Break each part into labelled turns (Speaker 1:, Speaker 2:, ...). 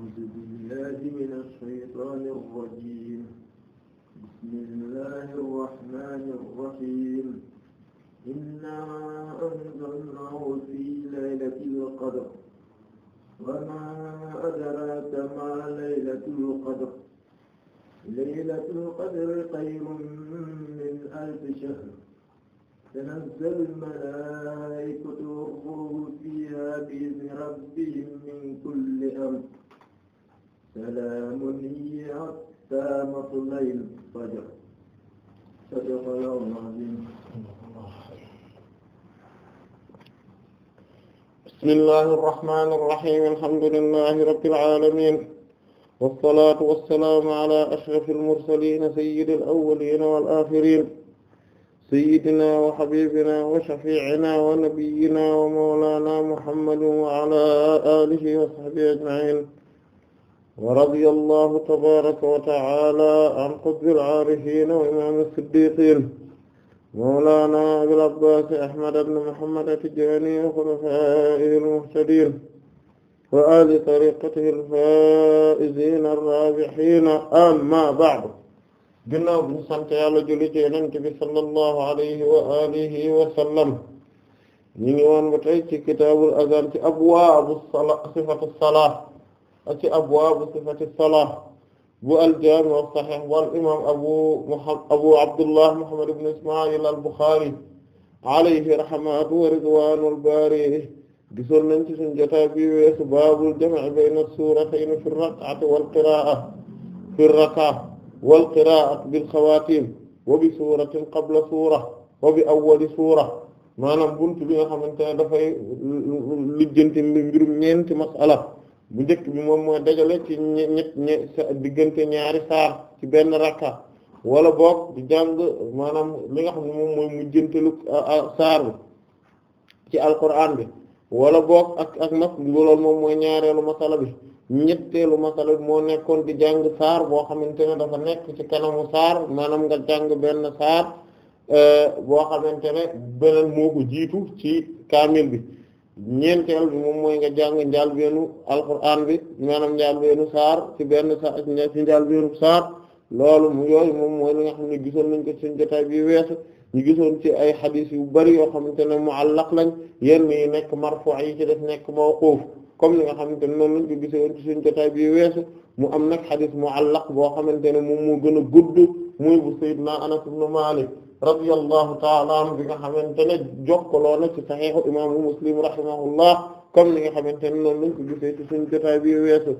Speaker 1: أعوذ بالله من الشيطان الرجيم بسم الله الرحمن الرحيم إنا أنزلناه في ليلة القدر وما أدراك ما ليلة القدر ليلة القدر خير من ألف شهر تنزل الملائكة والروح فيها بإذن ربهم من كل أمر salaamun hiya hattaa matla'il fajr sadaqallaahu al-aziim bismillaahi rahmaani rahiim alhamdulillaahi rabbil aalamiin wassalaatu wassalaamu alaa ashrafil mursaliin sayyidil awwaliina wal aaxiriin sayyidina wa xabibina wa shafiicina wa nabiyina wa mawlaana muhammadin wa alaa aalihi wa sahbihi ajmaciin ورضي الله تبارك وتعالى عن قطب العارفين وإمام الصديقين مولانا أبي العباس أحمد بن محمد التجاني وخلفائه المهتدين وآل طريقته الفائزين الرابحين أما بعد ginnaaw bu ñu sant Yàlla julli ci Yonent bi sallallahu alayhi wa alihi wa sallam ñu ngi woon ba tey ci kitaabul azaan ci abwaabu salaa sifatu salaa ci abwaabu sifati salaat bu al-jaami' as-sahiih wal imaam abu abu abdullah muhammad ibn isma'il al-buxaari alayhi rahmatu wa ridwaanul baari gisoon nañ ci suñu jotaay bi weesu baabul jam'i bayna suuratayni fi rakaati wal qiraa'a fi raka'a wal qiraa'a bil xawaatiim wa bi suuratin qabla suura wa bi awwali suura maanaam buntu bi nga xamante ne dafay lijjanti mbirum ñeenti masala bu njëkk bi moom mooy dajale ci ñett ñett diggante ñaari saar ci benn rakka wala boog di jàng maanaam li nga xam moom mooy mujjantelu saar bi ci alquran bi wala boog ak ak mas loolu moom mooy ñaareelu masala bi ñetteelu masala bi moo nekkoon di jàng saar boo xamante ne dafa nekk ci kanamu saar maanaam nga jàng benn saar euh, boo xamante ne beneen moo ko jiitu ci kaamil bi ñeenteel bi moom mooy nga jàng njaal njàlbéenu alquran bi maanaam njàlbéenu saar ci benn sa ci njàlbéenu saar loolu mu yooyu moom mooy li nga xam ne gisoon nañ ko suñu jotaay bi weesu ñu gisoon ci ay xadiis yu bari yoo xamante ne muallaq lañ yenn yi nekk marfu yi ci def nekk mawquuf comme li nga xamante ne noonu lañ ko gisoon ci suñu jotaay bi weesu mu am nag xadiis muallaq boo xamante ne moom moo gën a gudd muy bu Seydina Anas ibn Maalik radiyallahu taala anhu bi nga xamante ne jokkaloo na ci saxiixu imaamu muslim rahimahullah comme ni nga xamante ne noonu lañ ko gisee ci suñu jotaay bi weesu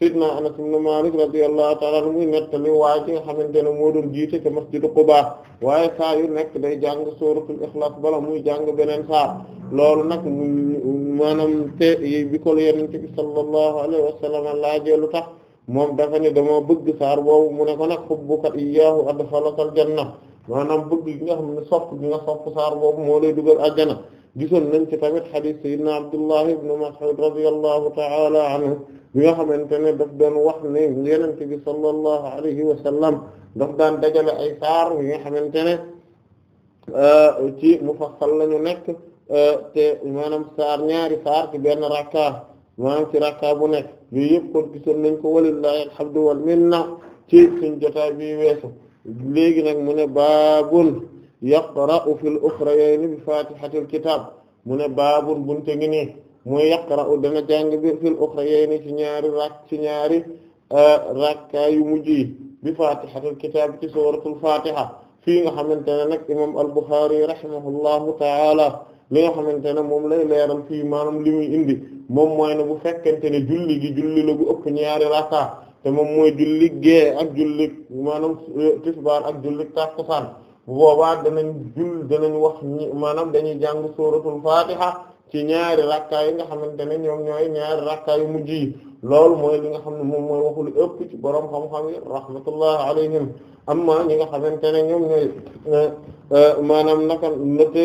Speaker 1: sidna anas ibn malik radiyallahu taala anhu muy nettali waaye ci nga xamante ne moo doon jiite ca masjidu qubaa waaye saa yu nekk day jàng suratul ixlaas bala muy jàng beneen saar loolu nag mu maanaam te bi ko yenente bi sallallahu alayhi wa sallam laajee lu tax moom dafa ne dama bëgg saar boobu mu ne ko nag xubbuka iyyaahu adxalakal janna maanaam bëgg gi nga xam ne sopp gi nga sopp saar boobu moo lay dugal àjjana gisoon nañ ci tamit xadiis sayyidina Abdullah ibn Mas'ud radiyallahu ta'ala anhu bi nga xamante ne daf doon wax ne yenente bi sallallahu alayhi wa sallam daf daan dajale ay saar yi nga xamante ne euh, ci mufassal lañu nekk euh, te maanaam saar ñaari saar ci ben rakka maanaam ci rakka bu nekk yooyu yëpp kon gisoon nañ ko walillahi alhamdu wal minna ci suñ jotaay bi weesu léegi nag mu ne baabun yaqra'u fil ukhrayayni bi fatihatil kitab mu ne baabun bunte ngi nii mooy u dana jàng bi fil ukhrayayni ci ñaari rak ci ñaari euh, rakkaa yu mujj yi bi fatihatil kitab ci suratul fatiha fii nga xamante ne nag imam al-Bukhari rahimahullahu ta'ala li nga xamante ne moom lay leeral fii maanaam li muy indi moom mooy ne bu fekkente ne julli gi julli la gu ëpp ñaari rakkaa te moom mooy julli gée ak julli maanam eh, tisbaar ak julli takkusaan bu boobaa danañ jull danañ wax ñi maanaam dañuy jàng suratul fatiha ci ñaari rakkaa yi nga xamante ne ñoom ñooy ñaari rakkaa yu mujj yi loolu mooy li nga xam ne moom mooy waxu ëpp ci borom xam-xam yi rahmatullahi alayhim amma ñi nga xamante ne ñoom ñooy eh, eh, maanaam naka nate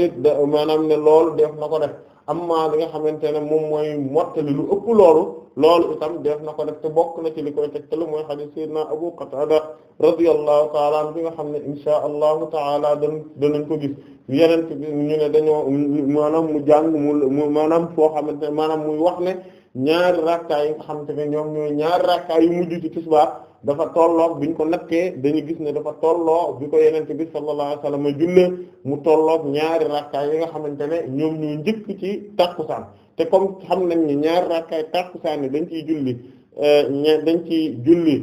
Speaker 1: maanaam ne loolu def na ko def amma li nga xamante ne moom mooy mottali lu ëpp loolu loolu itam def na ko def te bokk na ci li koy tegtalu mooy hadith sayyidina Abu Qatada radiyallahu ta'ala anhu bi nga xam ne insha allahu ta'ala dan danañ ko gis yeneen ñu ne dañoo maanaam mu jàng mu maanaam foo xamante ne maanaam muy wax ne ñaari rakkaay yi nga xamante ne ñoom ñu ñaari rakkaay yu mujj ci tisbaar dafa tolloo biñ ko nattee dañu gis ne dafa tolloo bi ko yenente bi sallallahu alayhi mu tolloog ñaari rakkaay yi nga xamante ne ñoom ñoo njëkk ci takkusaan te comme xam nañ ni ñaar rakkay tàkkusaan dañ ciy julli euh, ña dañ ciy julli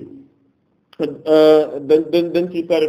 Speaker 1: dañ euh, dañ dañ ciy tari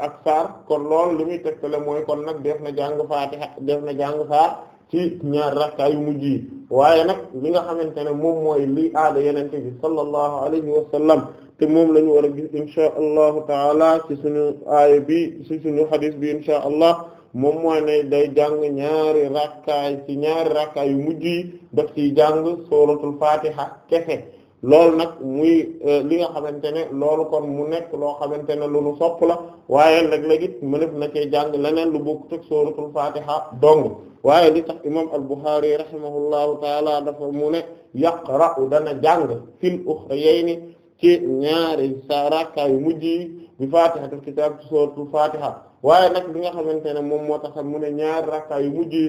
Speaker 1: ak saar kon loolu li muy tegtale mooy kon nag def na jàng fatiha def na jàng saar ci ñaar rakka yu mujj yi waaye nag mi nga xamante ne moom mooy li aada yenente bi sallallahu alayhi wa sallam te moom lañu war a gis inshaa allahu taala ci suñu aaya bi ci suñu hadis bi inshaa allah moom mooy ne day jàng ñaari rakkaay ci ñaari rakkaay yu mujj yi daf ci jàng suratul fatiha kese loolu nag muy euh, li nga xamante ne loolu kon mu nekk loo xamante ne lu nu sopp la waaye léeg-léeg it mënef na cee jàng leneen lu bokk teg suratul fatiha dong waaye li tax imam al-Bukhari rahimahullahu taala dafa mu ne yaqra'u dana jàng fil ukhrayayni ci ñaari sa rakkaay yu mujj yi bi fatihatul kitab ci suratul fatiha waaye nag li nga xamante ne moom moo tax mu ne ñaar rakka yu mujj yi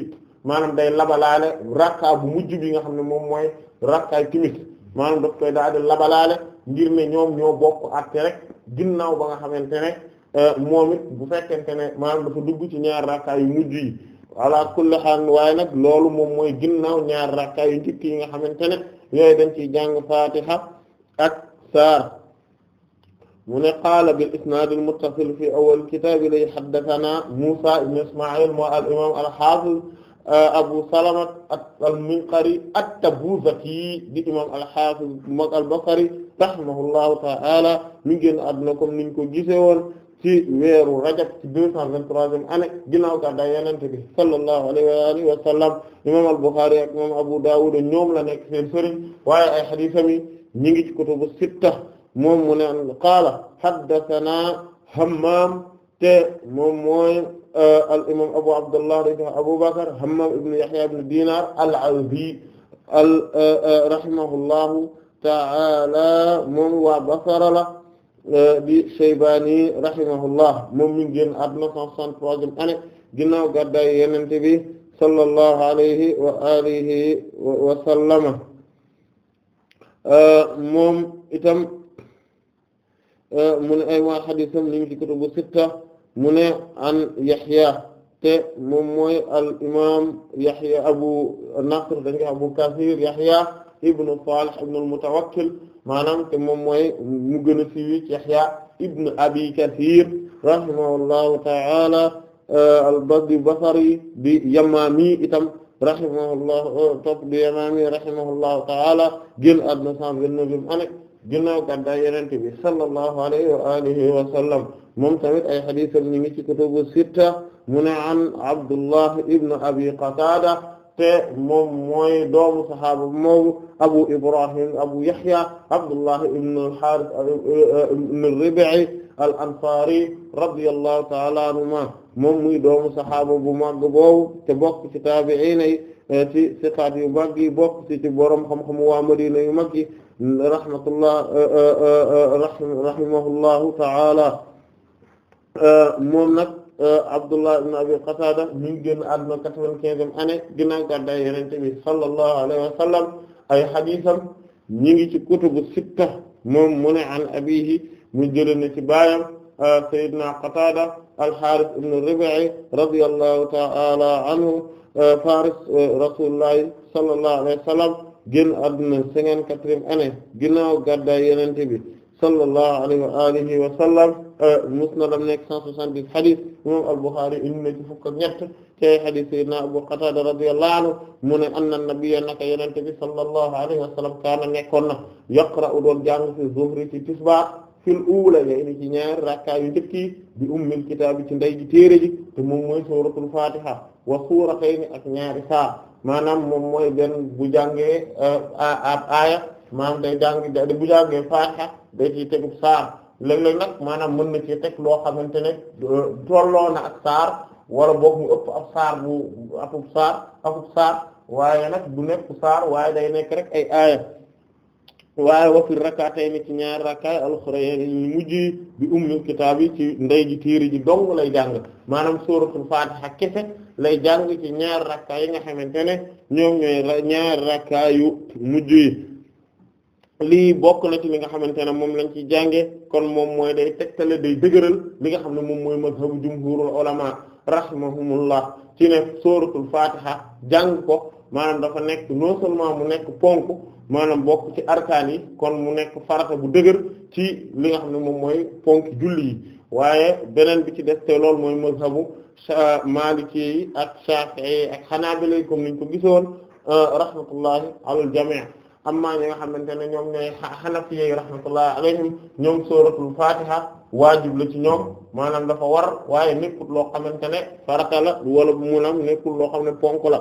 Speaker 1: maanam day labalaale rakka bu mujj bi nga xam ne moom mooy rakkaay timit maanaam daf daal di ngir ne ñoom ñoo bokk àtte rek ginnaaw ba nga xamante ne euh, moom bu fekkente ne maanaam dafa dugg ci ñaar rakka yu mujj yi ala kulli xaal waaye nag loolu moom mooy ginnaaw ñaar rakka yu njëkk yi nga xamante ne yooyu dañ ciy jàng fatiha ak saar mu ne qaala bil isnaad al muttasil fi awwal kitaab li haddathanaa Muusaa ibn Ismaa'iil moo al imaam al haafiz uh, Abu Salama al Minqari at-Tabuzaki di imaam al haafiz mag al Basri rahimahullahu ta'aala mi génn àdduna comme niñ ko gisee woon ci weeru rajab ci deux cent vingt-troisième année ginnaaw gàddaay Yonent bi sallallahu alayhi wa alihi wa sallam imaam al Bukhari Abu Dawud ñoom la nekk seen sëriñ waaye ay hadiisam yi ñu sitta moom mu ne qaala haddathana Hammam te moom mooy euh, al imam Abu Abdullah Abu Bakr Hammam ibn Yahya ibn Dinar al-Azdi al euh, euh, rahimahullahu ta'ala moom waa Basra la di Shaybani rahimahullah moom mi ngi génn àdduna 163e année ginnaaw gàddaay Yonent bi sallallahu alayhi wa alihi wa sallama moom itam mu ne ay waa xadisam ñu ngi ci kutubu sitta mu ne an Yahya te moom mooy al imam Yahya Abu Nasr dañ ko Abu Kasir Yahya ibnu Salih ibnu al-Mutawakkil maanaam te moom mooy mu gën a siiwi ci Yahya ibn Abi Kathir rahimahullahu ta'ala euh, al-Basri Basri di Yamami itam rahimahullahu top di Yamami rahimahullahu ta'ala génn àdduna 129 ane ginnaaw gàddaay yonent bi sallallahu alayhi wa alihi wa sallam moom tamit ay xadiisam ñi ngi ci kutubu sitta mu ne an Abdullah ibn Abi Qatada te moom mooy doomu saxaaba moomu Abu Ibrahim Abu Yahya Abdullah ibn al-Harith ibn al-Rib'i al-Ansari radiyallahu ta'ala anhuma moom muy doomu saxaaba bu màgg boobu te bokk ci taabi'iina yi eh, ci siqaat yu màgg yi bokk ci ci boroom xam-xamu waa Madina yu màgg yi rahmatullah eh, eh, rahimahullahu ta'ala moom nag Abdullah ibn Abi Qatada mi ngi génn àdduna quatre-vingt-quinzième année ginnaaw gàddaay Yonent sallallahu alayhi wa ay xadiisam ñi ngi ci kutubu sitta moom mu ne an abihi mu jëlee ci baayam Seydina Qatada al-Harith ibn Rib'i radiyallahu ta'ala anhu faris rasulillahi sallallahu alayhi wa sallam génn àdduna cinquante-quatrième année ginnaaw gàddaay Yonent bi sallallahu alayhi wa alihi wa sallam euh, musnadam nekk cent soixante-dix hadith imam al-Bukhari indi na ci fukk ak ñett ci hadith sayyidina Abu Qatada radiyallahu anhu mu ne anna nabiyya naka Yonent bi sallallahu alayhi wa sallam kaana nekkoon na yaqra'u doon jàng ci zuhri ci tisbaar fil ulayayni ci ñaari rakka yu njëkk yi bi ummil kitaabi ci ndey ji téere ji te moom mooy suuratul fatiha wa suuratayni ak ñaari saar maanaam moom mooy den bu jàngee euh, ab aaya maanaam day jàng bu jàngee fatiha day ci tegub saar léeg-léeg nag maanaam mën na ci teg loo xamante ne euh, tolloo na ak saar wala boog mu ëpp ab saar bu akub saar akub saar waaye nag du nekk saar waaye day nekk rek ay aaya waaye wa fi rak'atayni ci ñaar rakkaay al-uxrayayni ñu mujj bi ummil kitaab yi ci ndey ji téere ji dong lay jàng maanaam suuratul faatiha kese lay jàng ci ñaar rakkaay yi nga xamante ne ñoom ñooy ñaari rakkaay yu mujj yi lii bokk na ci li nga xamante ne moom lañ ci jànge kon moom mooy day tegtale day dëgëral li nga xam ne moom mooy mazhabu jumhuurul ulamaa rahimahumullah ci ne suuratul faatiha jàng ko. maanaam dafa nekk non seulement mu nekk ponk maanaam bokk ci arkaan yi kon mu nekk farata bu dëgër ci li nga xam ne moom mooy ponk julli yi waaye beneen bi ci des te loolu mooy mazhabu maliki yi ak shafi'i ak xanaabila comme niñ ko gisoon euh, rahmatullahi alal jami' amma ñi nga xamante ne ñoom ñooy xanafi yi rahmatullahi alayhim ñoom suratul fatiha waajib la ci ñoom maanaam dafa war waaye nekkul loo xamante ne farata la wala bu munam nekkul loo xam ne ponk la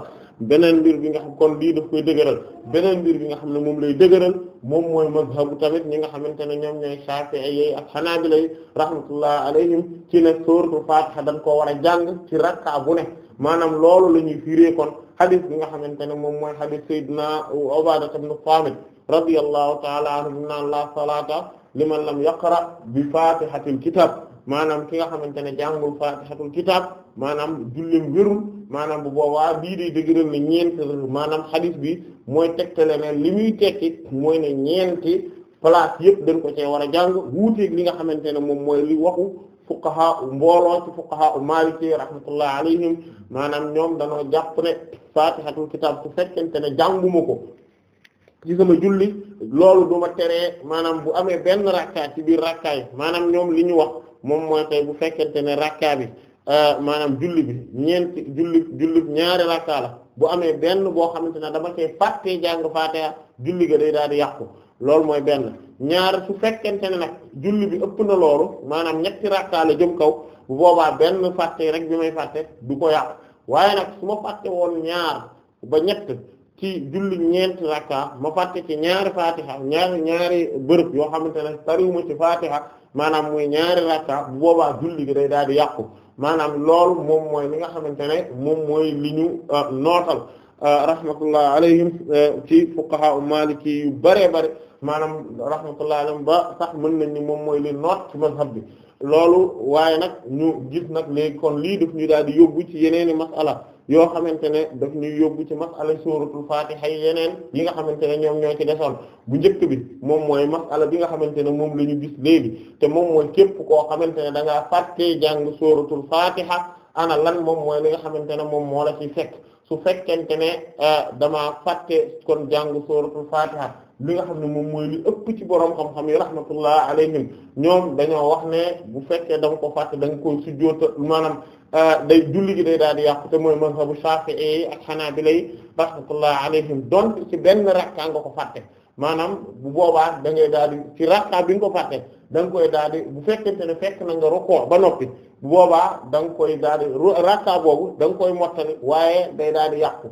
Speaker 1: beneen mbir bi nga xam kon lii daf koy dëgëral mbir bi nga xam ne moom lay dëgëral moom mooy mazhabu tamit ñi nga xamante ne ñoom ñooy Shafi'i ak Hanabila rahmatullahi alayhim ci ne suratul fatiha dañ koo war a jàng ci rakka bu ne maanaam loolu la ñuy firé kon xadis bi nga xamante ne moom mooy xadis sayyidina Ubaada ibn Saamit radiyallahu ta'ala anhu naan la salaata liman lam yaqra bi fatihatil kitab maanaam ki nga xamante ne jàngul fatihatul kitab maanaam jullim wérul maanaam bu boobaa bii day dëgëral ne ñeenti maanaam xadis bi mooy tegtale ne li muy tekki mooy ne ñeenti place yëpp dañ ko cee war a jàng wuuteeg li nga xamante ne moom mooy li waxu fuqaha mbooloo ci fuqaha u maliki rahmatullah alayhim maanaam ñoom danoo jàpp ne fatihatul kitab su fekkente ne jànguma ko ci sama julli loolu du ma maanaam bu amee benn rakka ci biir rakka yi maanaam ñoom li ñu wax moom mooy tey bu fekkente ne rakka bi euh, maanaam julli bi ñeenti julli julli ñaari rakka la bu amee benn boo xamante ne dama cee fàttee jàng fatiha julli ga day daal di yàqu loolu mooy benn ñaar su fekkente ne nag julli bi ëpp na loolu maanaam ñetti rakkaa la jëm kaw bu boobaa benn fàtte rek bi may fàtte du ko yàq waaye nag su ma fàtte woon ñaar ba ñett ci julli ñeenti rakkaa ma fàtte ci ñaari fatiha ñaari ñaari bërëb yoo xamante ne tariwuma ci fatiha maanaam ñaari rakkaa bu boobaa julli gi day daal di yàqu maanaam loolu moom mooy li nga xamante ne moom mooy li ñu euh, nootal euh, rahmatullah alayhim euh, ci fuqaha maliki yu bare bare maanaam rahmatullahi alayhim ba sax mën nañ ni moom mooy li noot ci mazhab bi loolu waaye nag ñu gis nag léegi kon lii daf ñu daal di yóbbu ci yeneeni masala yoo xamante ne daf ñuy yóbbu ci soo suratul fatiha yi yeneen yi nga xamante ne ñoom ñoo ci desoon bu njëkk bi moom mooy masala bi nga xamante ne moom la ñu gis léegi te moom mooy képp koo xamante ne da ngaa fàttee jàng suratul fatiha ana lan moom mooy li nga xamante ne moom moo la ci fekk su fekkente ne euh, damaa fàtte kon jàng suratul fatiha li nga xam ne moom mooy li ëpp ci borom xam-xam yi rahmatullah alayhim ñoom dañoo wax ne bu fekkee da nga ko fàtte da nga koy sujjóota maanaam euh, day julli gi day daal di yàqu te mooy mazhabu Shafi'i ak Hanabila rahmatullah alayhim donc ci benn rakka nga ko fàtte maanaam bu boobaa da ngay daal di ci rakka bi nga ko fàtte da koy daal di bu fekkente ne fekk na nga rukkoo ba noppi bu boobaa da nga koy daal di rakka boobu da koy mottali waaye day daal di yàqu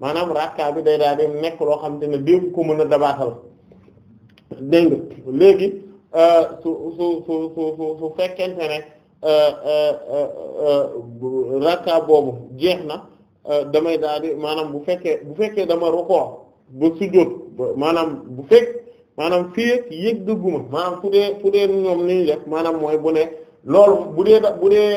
Speaker 1: maanaam rakka bi day daal nekk loo xamante ne dégg ko mën a dabaatal dégg léegi euh, su su su su su fekkente ne euh, euh, rakka boobu jeex na damay daal maanaam bu fekkee bu fekkee dama rukoo ba sujjóot maanaam bu fekk maanaam fii yëg dëgguma maanaam fu dee fu dee ñoom ni ñu maanaam mooy bu ne loolu bu dee bu dee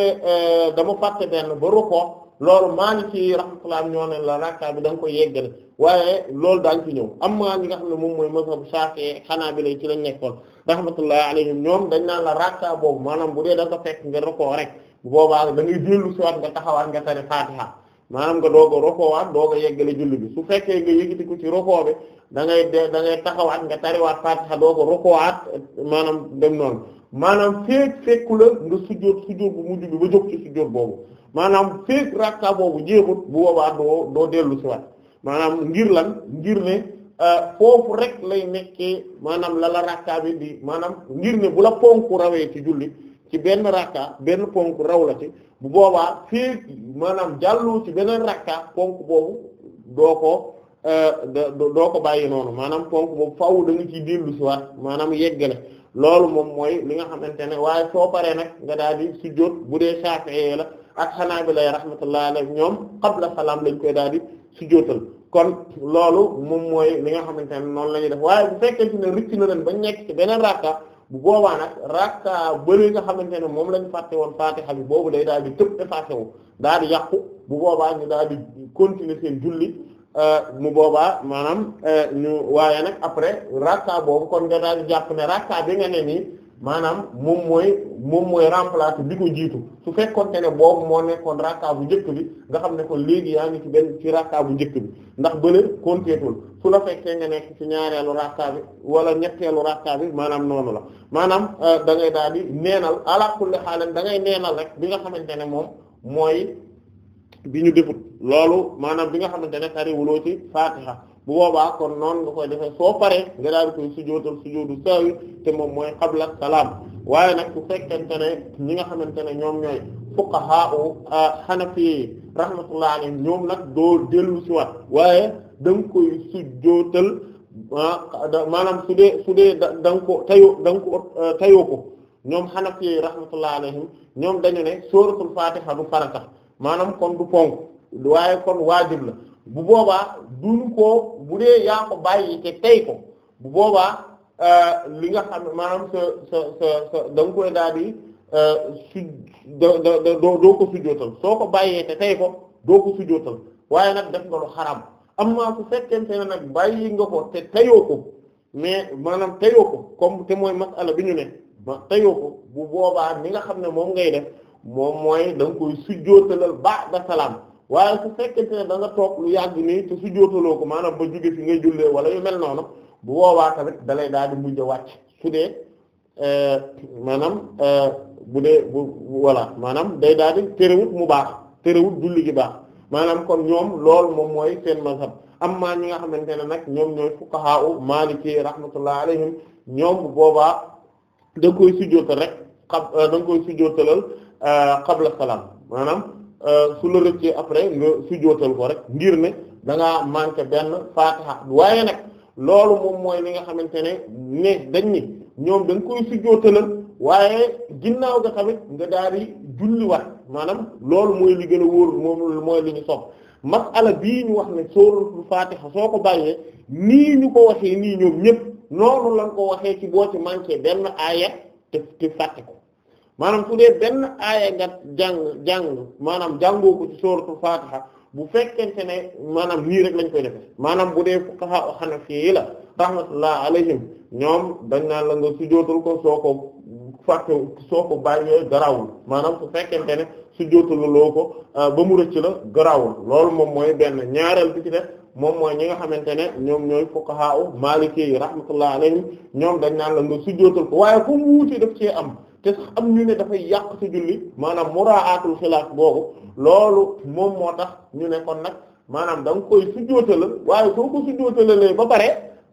Speaker 1: dama fàtte benn ba rukoo loolu Maliki rahmatullah ñoo ne la rakka bi danga nga koy yeggale waaye loolu daan ci ñëw am amma ñi nga xam ne moom mooy mazhab bi Hanabila ci lañ nekkoon rahmatullah alayhim ñoom dañ naan la rakka boobu maanaam bu dee da nga fekk nga rokoo rek boobaa da ngay dellu siwaat nga taxawaat nga tari Fatiha maanaam nga doog a rokoowaat doog a yeggale julli bi su fekkee nga yëgiti ko ci rokoo bi da ngay de da ngay taxawaat nga tariwaat Fatiha doog a rokoowaat maanaam dem noonu maanaam feek fekku la nga sujjóot sujjóot bu mujj bi ba jóg ci sujjóot boobu maanaam feek rakka boobu jeexut bu boobaa doo doo dellu si waat maanaam ngir lan ngir ne euh, foofu rek lay nekkee maanaam lala rakka bi di maanaam ngir ne bu la ponku rawee ci julli ci benn rakka benn ponk raw la ci bu boobaa feek maanaam jàllu ci beneen rakka ponk boobu doo ko euh, doo ko bàyyi noonu maanaam ponk boobu faaw da nga ciy dellu si waat maanaam yeggale loolu moom mooy li nga xamante ne waaye soo paree nag nga daal si sujjóot bu dee Shafi'i la ak xanaa bi Hanaabila rahmatullahi alayhim ñoom qabla salaam lañ koy daal di sujjóotal kon loolu moom mooy li nga xamante ne noonu la ñuy def waaye bu fekkente ne rëcc na leen ba nekk ci beneen rakka bu boobaa nag rakka bëri nga xamante ne moom lañ fàtte woon Faatiha bi boobu day daal di tëb effacé wu daal di yàqu bu boobaa ni daal di continuer seen julli euh, mu boobaa maanaam euh, ñu waaye nag après rakka boobu kon nga daal di jàpp ne rakka bi nga ne nii. maanaam moom mooy moom mooy remplacer bi ko jiitu su fekkoonte ne boobu moo nekkoon rakka bu njëkk bi nga xam ne kon léegi yaa ngi ci benn ci rakka bu njëkk bi ndax bële konteetul su la fekkee nga nekk ci ñaareelu rakka bi wala ñetteelu rakka bi maanaam noonu la maanaam euh, da ngay daal di neenal ala kulli xaalan da neenal rek bi nga xamante ne moom mooy bi ñu defut loolu maanaam bi nga xamante ne tariwuloo ci Fatiha bu boobaa kon noonu nga koy defee soo paree nga daal di koy sujootal sujoodu saawi te moom mooy qabla salaam waaye nag bu fekkente ne ñi nga xamante ne ñoom ñooy fuqaha u hanafi rahmatullah alayhim ñoom nag doo dellu ci waat waaye da nga koy sujootal maanaam su dee su dee ko tayoo ko tayoo ko ñoom hanafi rahmatullah ñoom dañu ne suratul fatiha du farata maanaam kon du ponk waaye kon waajib la bu boobaa duñu ko bu dee yaa ko bàyyi te tey ko bu boobaa euh, li nga xam da nga daal di euh, su doo doo soo ko bàyyee te tey ko doo ko waaye nag def nga lu xaraam amma su fekkente ne nag bàyyi nga ko te teyoo ko mais maanaam teyoo ko comme te mooy masala bi ñu ne ma teyoo ko bu boobaa ni nga xam ne moom ngay def moom mooy da nga koy sujootalal ba da salaam waaye su fekkente ne da toog lu yàgg nii te su jootaloo ko maanaam ba jóge fi ngay jullee wala yu mel noonu bu boobaa tamit dalay daal di mujj a wàcc su dee eh, maanaam eh, bu dee bu voilà maanaam day daal di terewut mu baax terewut julli gi baax maanaam kon ñoom loolu moom mooy seen am maa ñi nga xamante ne nag ñoom ñooy fuqaha u maliki rahmatullah alayhim ñoom bu boobaa da nga koy sujjootal rek xab eh, da nga koy sujjootalal qabla salaam maanaam Euh, su la rëccee après nga sujjóotal ko rek ngir ne da ngaa manqué benn faatiha waaye nag loolu moom mooy li nga xamante ne ne dañ ni ñoom dañ koy sujjóotalal waaye ginnaaw ga tamit nga daal di julliwaat maanaam loolu mooy li gën a wóor moom mooy li ñu sopp masala bii ñu wax ne sóoratul faatiha soo ko bàyyee nii ñu ko waxee nii ñoom ñëpp noonu lañ ko waxee ci boo ci manqué benn aaya te te ko maanaam su dee benn aaya nga jàng jàng maanaam jàngoo ko ci sóoratu Fatiha bu fekkente ne maanaam lii rek lañ koy defee maanaam bu dee fuqaha Hanafi la rahmatullah alayhim ñoom dañ naan la nga sujootul ko soo ko fàtte soo ko bàyyee garawul maanaam fekkente ne sujootul loo ko euh, ba mu rëcc la garaawul loolu moom mooy benn ñaareel bi ci def moom mooy ñi nga xamante ne ñoom ñooy fuqaha u Maliki yi rahmatullah alayhim ñoom dañ naan la nga sujootul ko waaye fu mu wuute daf cee am te sax am ñu ne dafay yàq sa julli maanaam muraatul xilaaf boobu loolu moom moo tax ñu ne kon nag maanaam da nga koy sujjóotalal waaye soo ko sujjóotalalee ba pare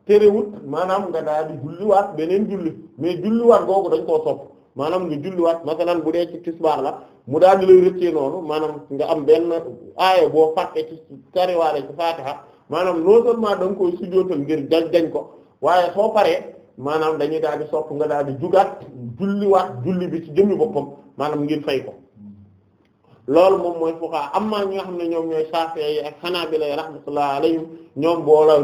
Speaker 1: terewut maanaam nga daal di julliwaat beneen julli mais julliwaat googu dañ koo sopp maanaam nga julliwaat masalan bu dee ci tisbaar la mu daal di lay rëccee noonu maanaam nga am benn aaya boo fàtte ci tariwaale ci faatiha maanaam non seulement maa nga koy sujjóotal ngir jañ jañ ko waaye soo paree maanaam dañuy daal di sopp nga daal di jugaat julliwaat julli bi ci jëmmi boppam maanaam ngir fay ko loolu moom mooy fuqaa amma ñi nga xam ne ñoom ñooy Shafi'i yi ak ñoom boola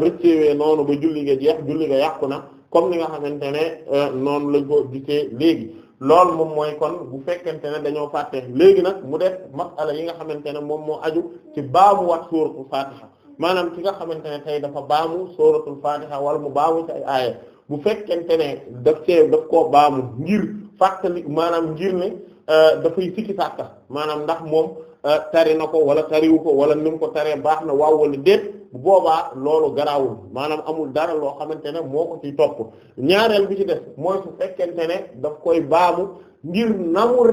Speaker 1: noonu ba julli nga jeex yàqu na comme ni nga xamante ne euh, noonu lañ ko gisee léegi loolu moom mooy kon bu fekkente ne dañoo fàtte léegi nag mu def masala yi nga xamante ne moom moo aju ci baamu wat suuratul Fatiha maanaam ci nga xamante ne tey dafa baamu suuratul Fatiha wala mu baamu ci ay aaya bu fekkente ne daf cee daf koo baamu ngir fàttali maanaam ngir ne euh, dafay sikki sàkka maanaam ndax moom euh, tari na ko wala tariwu ko wala ni mu ko taree baax na waaw wala déet bu boobaa loolu garaawul maanaam amul dara loo xamante ne moo ko ciy topp ñaareel bi ci def mooy fekkente ne daf koy baamu ngir na mu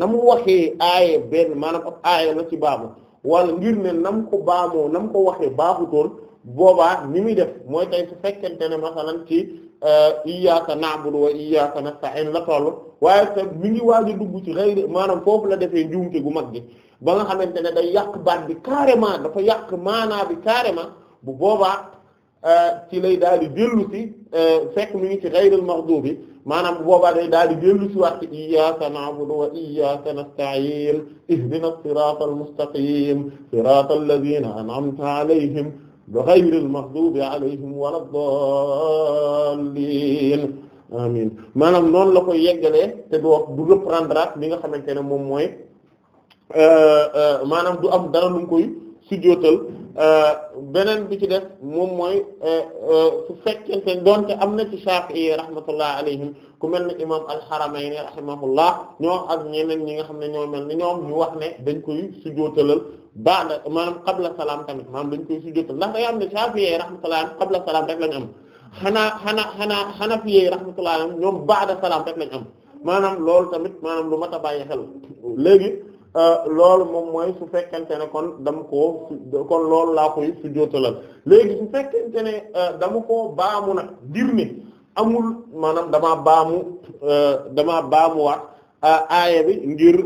Speaker 1: na mu waxee aaye benn maanaam ab aaye ci baamu wala ngir ne nam ko baamoo nam ko waxee baaxutoon boobaa ni muy def mooy tey su fekkente ne masalan ci Euh, iyyaka na'budu wa iyyaka nasta'in la toll waaye te mi ngi waaj a dugg ci xëy maanaam foofu la defee njuumte gu mag gi ba nga xamante ne day yàq baat bi carrément dafa yàq maanaa bi carrément bu boobaa euh, ci lay daal di dellu si euh, fekk mi ngi ci ghayril maghdubi maanaam bu boobaa day daal di dellu si wax ci iyyaka na'budu wa iyyaka nasta'in ihdina siratal mustaqim siratal ladina an'amta alayhim ghayril maghdubi alayhim walad dallin amin maanaam noonu la koy yeggalee te du wax du reprendre li nga xamante ne moom mooy euh, euh, maanaam du am dara lu koy koy sujjóotal Euh, beneen bi ci def moom mooy euh, euh, su fekkente doonte am na ci Shafi'i rahmatullah alayhim ku mel ne imam al-Haramayni rahimahullah ñoo ak ñeneen ñi nga xam ne ñoo mel ni ñoom ñu wax ne dañ koy sujjóotalal ba'da maanaam qabla salaam tamit maanaam dañ koy sujjóotal ndax day am ne Shafi'i rahmatullah qabla salaam rek lañ am xanaa xanaa xanaa Hanafi rahmatullah ñoom ba'da salaam rek lañ am maanaam loolu tamit maanaam lu mat a bàyyi xel léegi Euh, loolu moom mooy su fekkente ne kon dama koo kon loolu laa koy su léegi su fekkente ne euh, dama koo baamu na ngir ne amul maanaam dama baamu euh, dama baamuwaat aaya bi ngir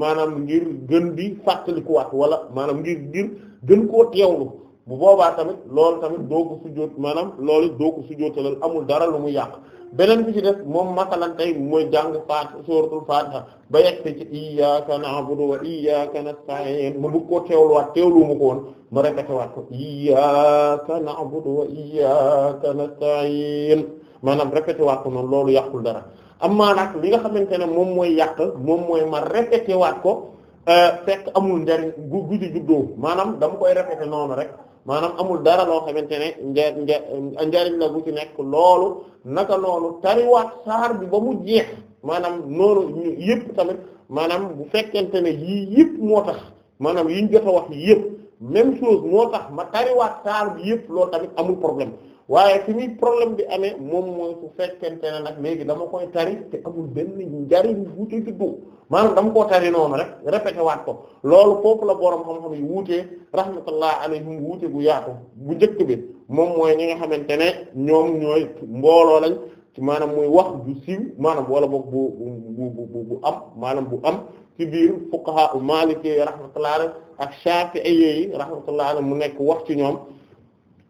Speaker 1: maanaam ngir gën di fàttalikuwaat wala maanaam ngir ngir gën koo teewlu bu boobaa tamit loolu tamit doo ko su maanaam loolu doo ko su jootalal amul dara lu mu yàq beneen bi ci def moom masalan tey mooy jàng faat suratul fatiha ba yegg ci iyyaka na'budu wa iyyaka nasta'in ma bëgg koo teewluwaat teewlu mu ko woon ma répété waat ko iyyaka na'budu wa iyyaka nasta'in maanaam répété waat ko noonu loolu yàqul dara amma nag li nga xamante ne moom mooy yàq moom mooy ma répété waat ko euh, fekk amul njariñ gu gu ci juddoo maanaam dama koy répété noonu rek maanaam amul dara loo xamante ne nja njariñ la bu ci nekk loolu naka noonu tariwaat saar bi ba mu jeex maanaam noonu yëpp tamit maanaam bu fekkente ne yii yëpp moo tax maanaam yiñ ñu jot a wax yëpp même chose moo tax ma tariwaat saar bi yëpp loolu tamit amul problème waaye fi muy problème bi amee moom mooy su fekkente ne nag léegi dama koy tari te amul benn njariñ wuute ci dugub maanaam dama koo tari noonu rek répété waat ko loolu foofu la borom xam-xam yi wuutee rahmatullah alayhim wuute gu yaatu bu njëkk moom mooy ñi nga xamante ne ñoom ñooy mbooloo lañ maanaam muy wax bu siiw maanaam wala boog bu am maanaam bu am ci biir fuqaha u maliki rahmatullah alayhi ak mu nekk wax ci ñoom.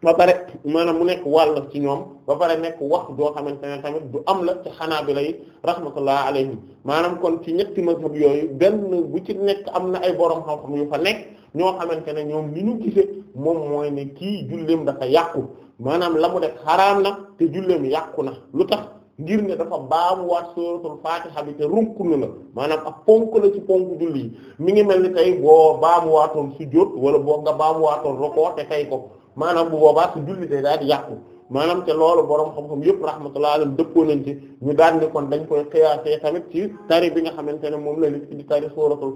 Speaker 1: ba pare maanaam mu nekk wàll ci ñoom ba pare nekk wax joo xamante ne tamit du am la ci xanaabila yi rahmatullah alayhim maanaam kon ci ñetti mazhab yooyu benn bu ci nekk am na ay borom xam-xam yu fa nekk ñoo xamante ne ñoom li ñu gisee moom mooy ne kii julleem dafa yàqu maanaam la mu def xaraam na te julleem yàqu na lu tax ngir ne dafa baamu waat suratul fatiha bi te rukkunu la maanaam ak ponk la ci ponk julli mi ngi mel ni tey boo baamu waatoon sujjóot wala boo nga baamu waatoon te tey ko maanaam bu boobaa su julli day daal di yàqu maanaam te loolu borom xam-xam yëpp rahmatullah alayhim dëppoo nañ ci ñu daal ni kon dañ koy xiyaasee tamit ci tari bi nga xamante ne moom la nit ki di tari suuratul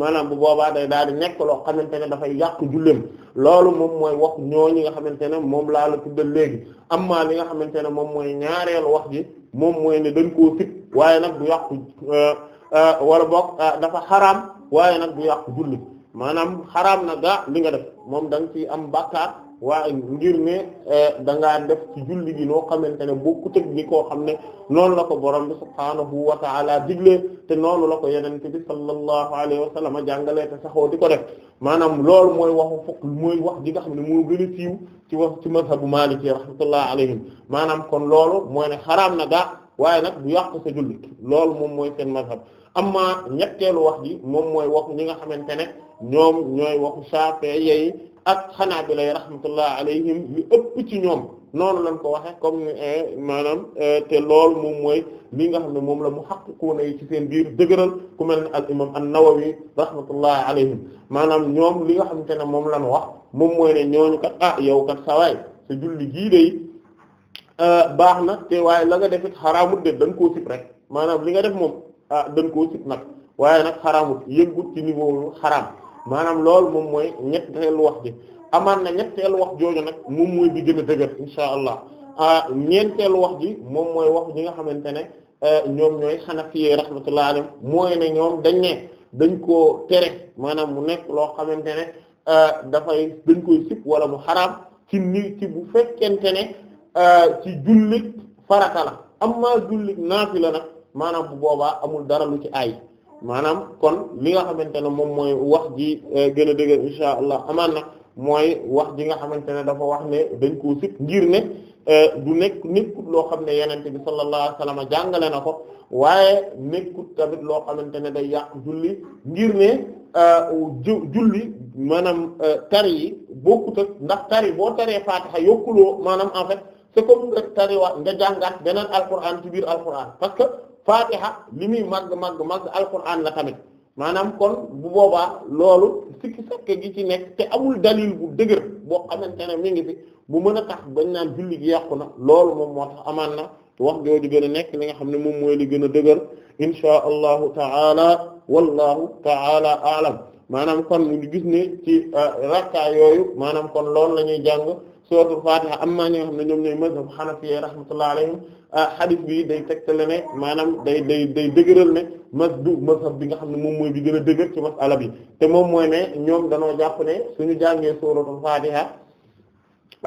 Speaker 1: maanaam bu boobaa day daal di nekk loo xamante ne dafay yàq julleem loolu moom mooy wax ñooñi nga xamante ne moom laa la tuddal léegi amma li nga xamante ne moom mooy ñaareelu wax ji moom mooy ne dañ koo sit waaye nag du yàqu euh, euh, wala boog euh, dafa xaraam waaye nag du yàqu julli maanaam xaraam na gaa li nga def moom da nga ci am bàkkaar waaye ngir ne eh, da ngaa def ci julli gi noo xamante ne bokku tëg ni koo xam ne noonu la ko borom bi subhaanahu wa ta'ala digle te noonu la ko yenente bi sallallahu alayhi wa sallam jàngalee te saxoo di ko def maanaam loolu mooy waxu fokk mooy wax ji nga xam ne moo gën a siiw ci wax ci mazhabu maliki rahmatullahi alayhim maanaam kon loolu mooy ne xaraam na gaa waaye nag bu yàq sa julli loolu moom mooy seen mazhab amma ñetteelu wax ji moom mooy wax ñi nga xamante ne ñoom ñooy waxu Shafi'i ak Hanabila rahmatullah alayhim li ëpp ci ñoom noonu lañ ko waxe comme eh, maanaam eh, te loolu moom mooy li nga xam ne moom la muhaqqiquna yi ci seen biir dëgëral ku mel ne al imam an-Nawawi rahmatullah alayhim maanaam ñoom li nga xamante ne moom lañ wax moom mooy ne ñooñu kat ah yow kat sawaay sa julli gii day eh, baax na te waaye la nga def it xaraamut de dañ koo sib rek maanaam li nga def moom ah dañ koo sib nag waaye nag xaraamut yëngut ci maanaam loolu moom mooy lu wax bi amaan na ñetteelu wax jooju nag moom mooy bi gën a dëgër insha allah ah ñeenteelu wax ji moom mooy wax ñi nga xamante ne eh, ñoom ñooy xanafiyee rahmatullah alayhim mooy ne ñoom dañ ne dañ koo tere maanaam mu nekk loo xamante ne eh, dafay dañ koy sip wala mu xaraam ci ci bu fekkente ne eh, ci jullit farata la amma jullit la nag maanaam bu boobaa amul dara lu ci ay maanaam kon li nga xamante ne moom mooy wax ji eh, gën a dëgër insha allah na mooy wax ji nga xamante ne dafa wax ne dañ koo sip ngir ne eh, du nekk nekkut loo xam ne yenente bi sallallahu alayhi wasallam jàngale na ko waaye nekkut tamit loo xamante ne day yàq julli ngir ne eh, julli maanaam tari yi bokkut ndax tari boo taree faatixa yokkuloo maanaam en fait c'est comme nga tariwaat nga jàngaat beneen alquran ci biir alquran parce que fatiha li muy màgg mag màgg alquran la tamit maanaam kon bu boobaa loolu sikki sakk gi ci nekk te amul dalil bu dëgër boo xamante ne mi ngi fi bu mën a tax bañ naan julli gi na loolu moom moo tax amaan na wax jooju gën a nekk li nga xam ne moom mooy li gën a dëgër inshaa allahu taala wallahu taala aalam maanaam kon ñu gis ne ci uh, rakka yooyu maanaam kon loolu la ñuy jàng suratul fatiha amma ñi nga xam ne ñoom ñooy mazhab xanafiye rahmatullah alayhim ah, hadith bi day tegtale ne maanaam day day day dëgëral ne masdu mazhab bi nga xam ne moom mooy bi gën a dëgër ci masala bi te moom mooy ne ñoom danoo jàpp ne suñu jàngee suratul fatiha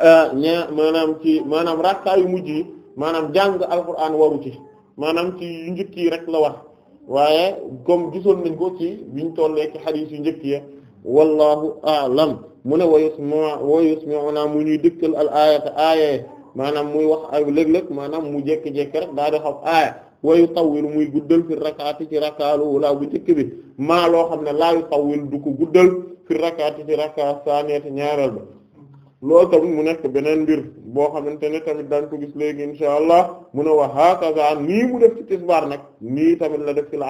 Speaker 1: ah, ña maanaam ci maanaam rakka yu mujj yi maanaam jàng alquran waru ci maanaam ci yu njëkk yi rek la war waaye comme gisoon nañ ko ci biñ tollee ci hadith yu njëkk ya wallahu a'lam mu ne wa yusma wa yusmi'una mu ñuy dëkkal al ayata aaya maanaam muy wax ay léeg-léeg maanaam mu jékki-jékki rek daa di xam aaya wa yutawwilu muy guddal fi rakaati ci rakaalu wala bu njëkk bi maa loo xam ne laa yutawwil du ko guddal fi rakaati ci rakaat saaniyata ñaareel ba loolu tamit mu nekk beneen mbir boo xamante ne tamit daañ ko gis léegi insha allah mu ne wa hakaza nii mu def ci tisbaar nag nii tamit la def ci la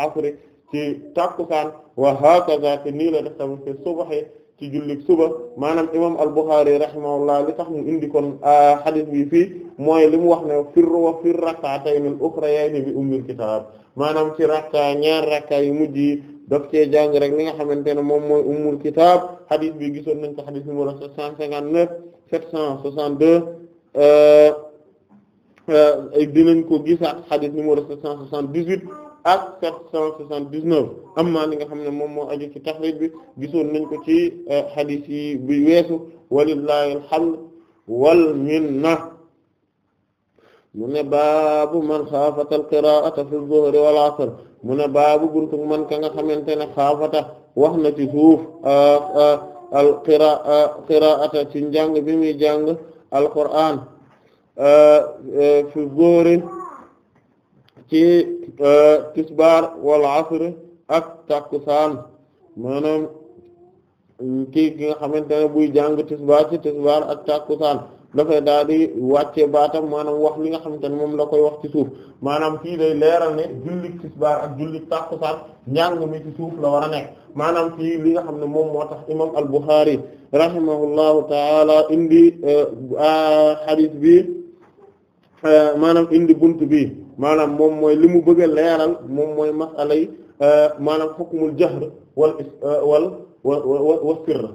Speaker 1: ci tàkkusaan wa hakaza te nii la def tamit fi subahi ci jullig suba maanaam imam al-Bukhari rahimahullah li tax mu indi kon hadith bi fii mooy li mu wax ne firru wa fir rak'atayn al-ukhrayayni bi ummil kitaab maanaam ci rakka ñaar rakka yu mujj yi daf cee jàng rek li nga xamante ne moom mooy ummul kitaab hadith bi gisoon nañ ko hadith numéro 759 762 di euh, dinañ ko gisaat xadis numéro 778 ak 779 amma li nga xam ne moom moo aju ci taxrij bi gisoon nañ ko ci euh, xadis yi bi weesu walillahi alhamd wal minna mu ne baabu man xaafata alqiraata fi zuhri wal asr mu ne baabu buntu man ka nga xamante ne xaafata wax na ci suuf euh, alqiraata ci njàng bi muy jàng alquraan fi zuhri ci tisbaar wal asr ak takkusaan maanaam kii ki nga xamante buy jàng tisbaar ci tisbaar ak takkusaan dafay daal di wàcce baatam maanaam wax li nga xamante ne moom la koy wax ci suuf maanaam fii day leeral ne jullit tisbaar ak jullit takkusaan njàng mi la war a nekk maanaam li nga xam ne moom moo tax imam al-Bukhari rahimahullahu taala indi euh, euh, hadith bi Euh, maanaam indi bunt bi maanaam moom mooy li mu bëgg a moom mooy masala yi euh, maanaam hukmul jahr wal wa euh, wa sirr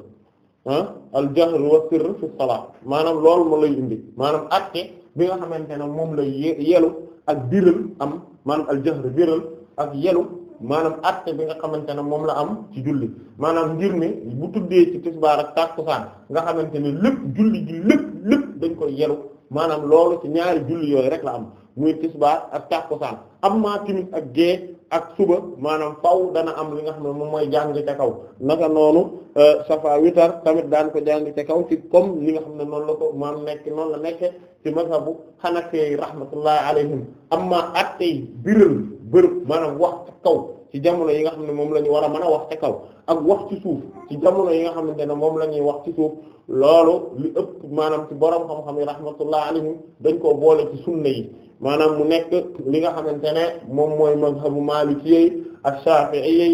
Speaker 1: ah, al jahr wa sirr fi salaat maanaam lool moo lay indi maanaam acte bi nga xamante ne moom lay yelu ak biral am maanaam al jahr biral ak yelu maanaam acte bi nga xamante ne moom la am ci julli maanaam ngir ne bu tuddee ci tisbaar ak tàkkusaan nga xamante ne lépp julli gi lépp lépp dañ koy yelu maanaam loolu ci ñaari julli yooyu rek la am muy tisbaar ak am amma timis ak gée ak suba maanaam faw dana am li nga xam ne moom mooy jàng ca kaw naka noonu euh, safa witar tamit daan ko jàng ca kaw ci comme li nga xam ne noonu la ko maam nekk noonu la nekke ci mazhabu xanafee rahmatullahi alayhim amma attey biral bërëb maanaam wax ca kaw ci jamono yi nga xam ne moom la ñu war a mën wax ca kaw ak wax ci suuf ci jamono yi nga xamante ne moom la ñuy wax ci suuf loolu li ëpp maanaam ci borom xam-xam yi rahmatullah alayhim dañ koo boole ci sunna yi maanaam mu nekk li nga xamante ne moom mooy mazhabu maliki yi ak shafi'i yi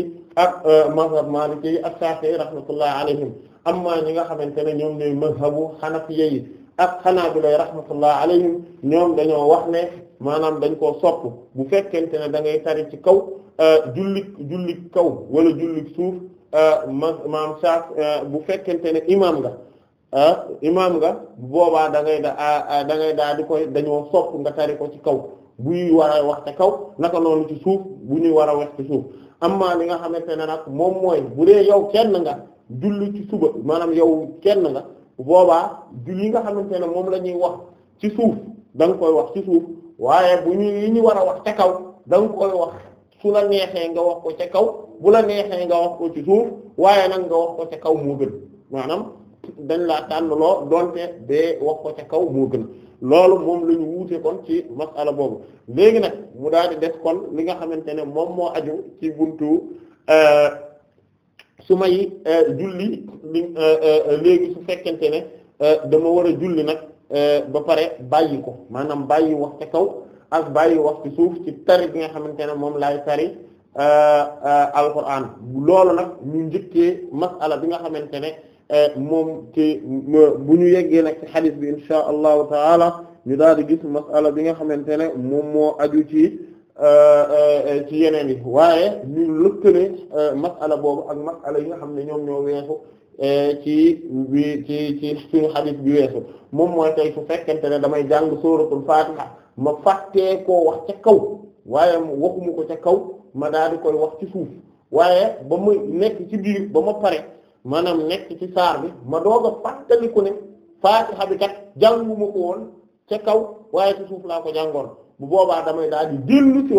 Speaker 1: ak euh, mazhab maliki yi ak shafi'i rahmatullah alayhim amma ñi nga xamante ne ñoom ñooy mazhabu xanaat yi ak xanaat hanabila rahmatullah alayhim ñoom dañoo wax ne maanaam dañ koo sopp bu fekkente ne da ngay tari ci kaw euh, julli julli kaw wala julli suuf euh, ma maam saaf euh, bu fekkente ne imaam nga imaam nga boobaa da ngay da da ngay di koy dañoo sopp nga tari ko ci kaw buy war a wax ci kaw naka noonu ci suuf bu ñuy war a wax ci suuf amma li nga xamante ne nag moom mooy bu dee yow kenn nga julli ci suba maanaam yow kenn nga boobaa julli nga xamante ne moom la ñuy wax ci suuf danga koy wax ci suuf waaye bu ñu yi ñu war a wax ca kaw da nga koy wax su la neexee nga wax ko ca kaw bu la neexee nga wax ko ci suuf waaye nag nga wax ko ca kaw moo gën maanaam dañ laa tànn loo donte bee wax ko ca kaw moo gën loolu moom la ñu wuute kon ci masala boobu léegi nag mu daal di def kon li nga xamante ne moom moo aju ci buntu euh, su may euh, julli euh, léegi su fekkente ne dama war a julli nag Euh, ba pare bàyyi ko maanaam bàyyi wax ca kaw ak bàyyi wax ci suuf ci tari bi nga xamante ne moom laay tari euh, euh, alquran loolu nag ñu njëkkee masala bi nga xamante ne moom ci bu ñu yeggee nag ci xadis bi insha ñu daal di gis masala bi nga xamante ne moom moo aju ci ci yeneen yi waaye ñu lëkkale masala boobu ak masala yi nga xam ne ñoom ñoo weesu E ci bi ci ci suñu xadis bi weesu moom mooy tey su fekkente ne damay jàng sóoratul fatiha ma fàttee koo wax ca kaw waaye waxuma ko ca kaw ma daal di koy ci suuf waaye ba mu nekk ci biir ba ma pare maanaam nekk ci saar bi ma doog a fàttaliku ne fatiha bi kat jànguma ko woon ca kaw waaye suuf laa ko jàngoon bu boobaa damay daal di dellu ci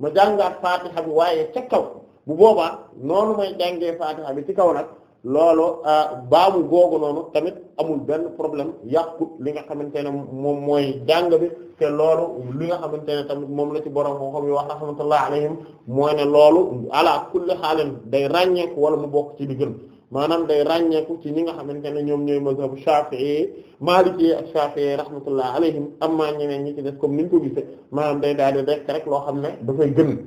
Speaker 1: ma jàngaat fatiha bi waaye ca kaw bu boobaa noonu may jàngee fatiha bi ci kaw nag loolu euh, baamu googu noonu tamit amul benn problème yàqut li nga xamante ne moom mooy jàng bi te loolu li nga xamante ne tamit moom la ci borom koo xam yi wax rahmatullah alayhim mooy ne loolu ala kulli xaalen day ràññeeku wala mu bokk ci li gën maanaam day ràññeeku ci ñi nga xamante ne ñoom ñooy mazhabu Shafi'i Maliki ak Shafi'i rahmatullah alayhim amma ñeneen ñi ci def comme niñ ko maanaam day daal rekk dekk rek loo xam ne dafay gën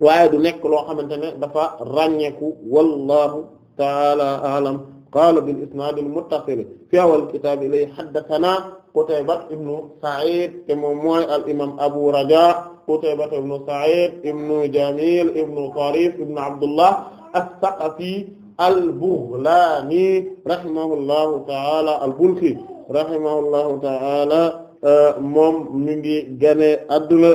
Speaker 1: waaye du nekk loo xamante ne dafa ràññeeku wallahu taala alam qala bil isnad al muttasil fi awal kitab ilay haddathana Qutayba ibnu Sa'id te moom mooy al imam Abu Raja Qutayba ibnu Sa'id ibnu Jamil ibnu Tarif ibnu Abdullah as-Saqafi al-Baghlani rahimahullahu ta'ala al-Balkhi rahimahullahu ta'ala moom mi ngi génn àdduna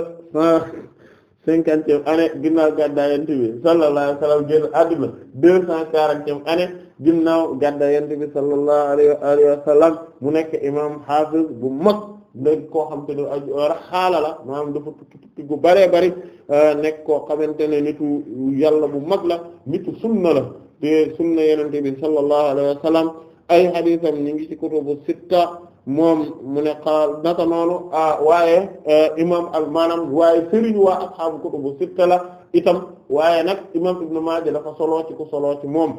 Speaker 1: cinquante e année ginnaaw gàddaay yonent bi sallallahu alayhi wa sallam génn àdduna deux cent quarantième e année ginnaaw gàddaay yonent bi sallallahu wa alihi mu nekk imam hafiz bu mag dégg koo xam te ne war xaala la maanaam dafa gu bëree bëri euh, nekk koo xamante ne nitu yàlla bu mag la nitu sunna la te sunna yonent bi sallallahu wa sallam ay hadisam ñi ngi ci kutubu sitta moom mu ne xaal naka noonu ah, waaye eh, imam al maanaam waaye sëriñ waa ashaabu kutubu sitta la itam waaye nag imam ibnu Maaja dafa soloo ci ku soloo ci moom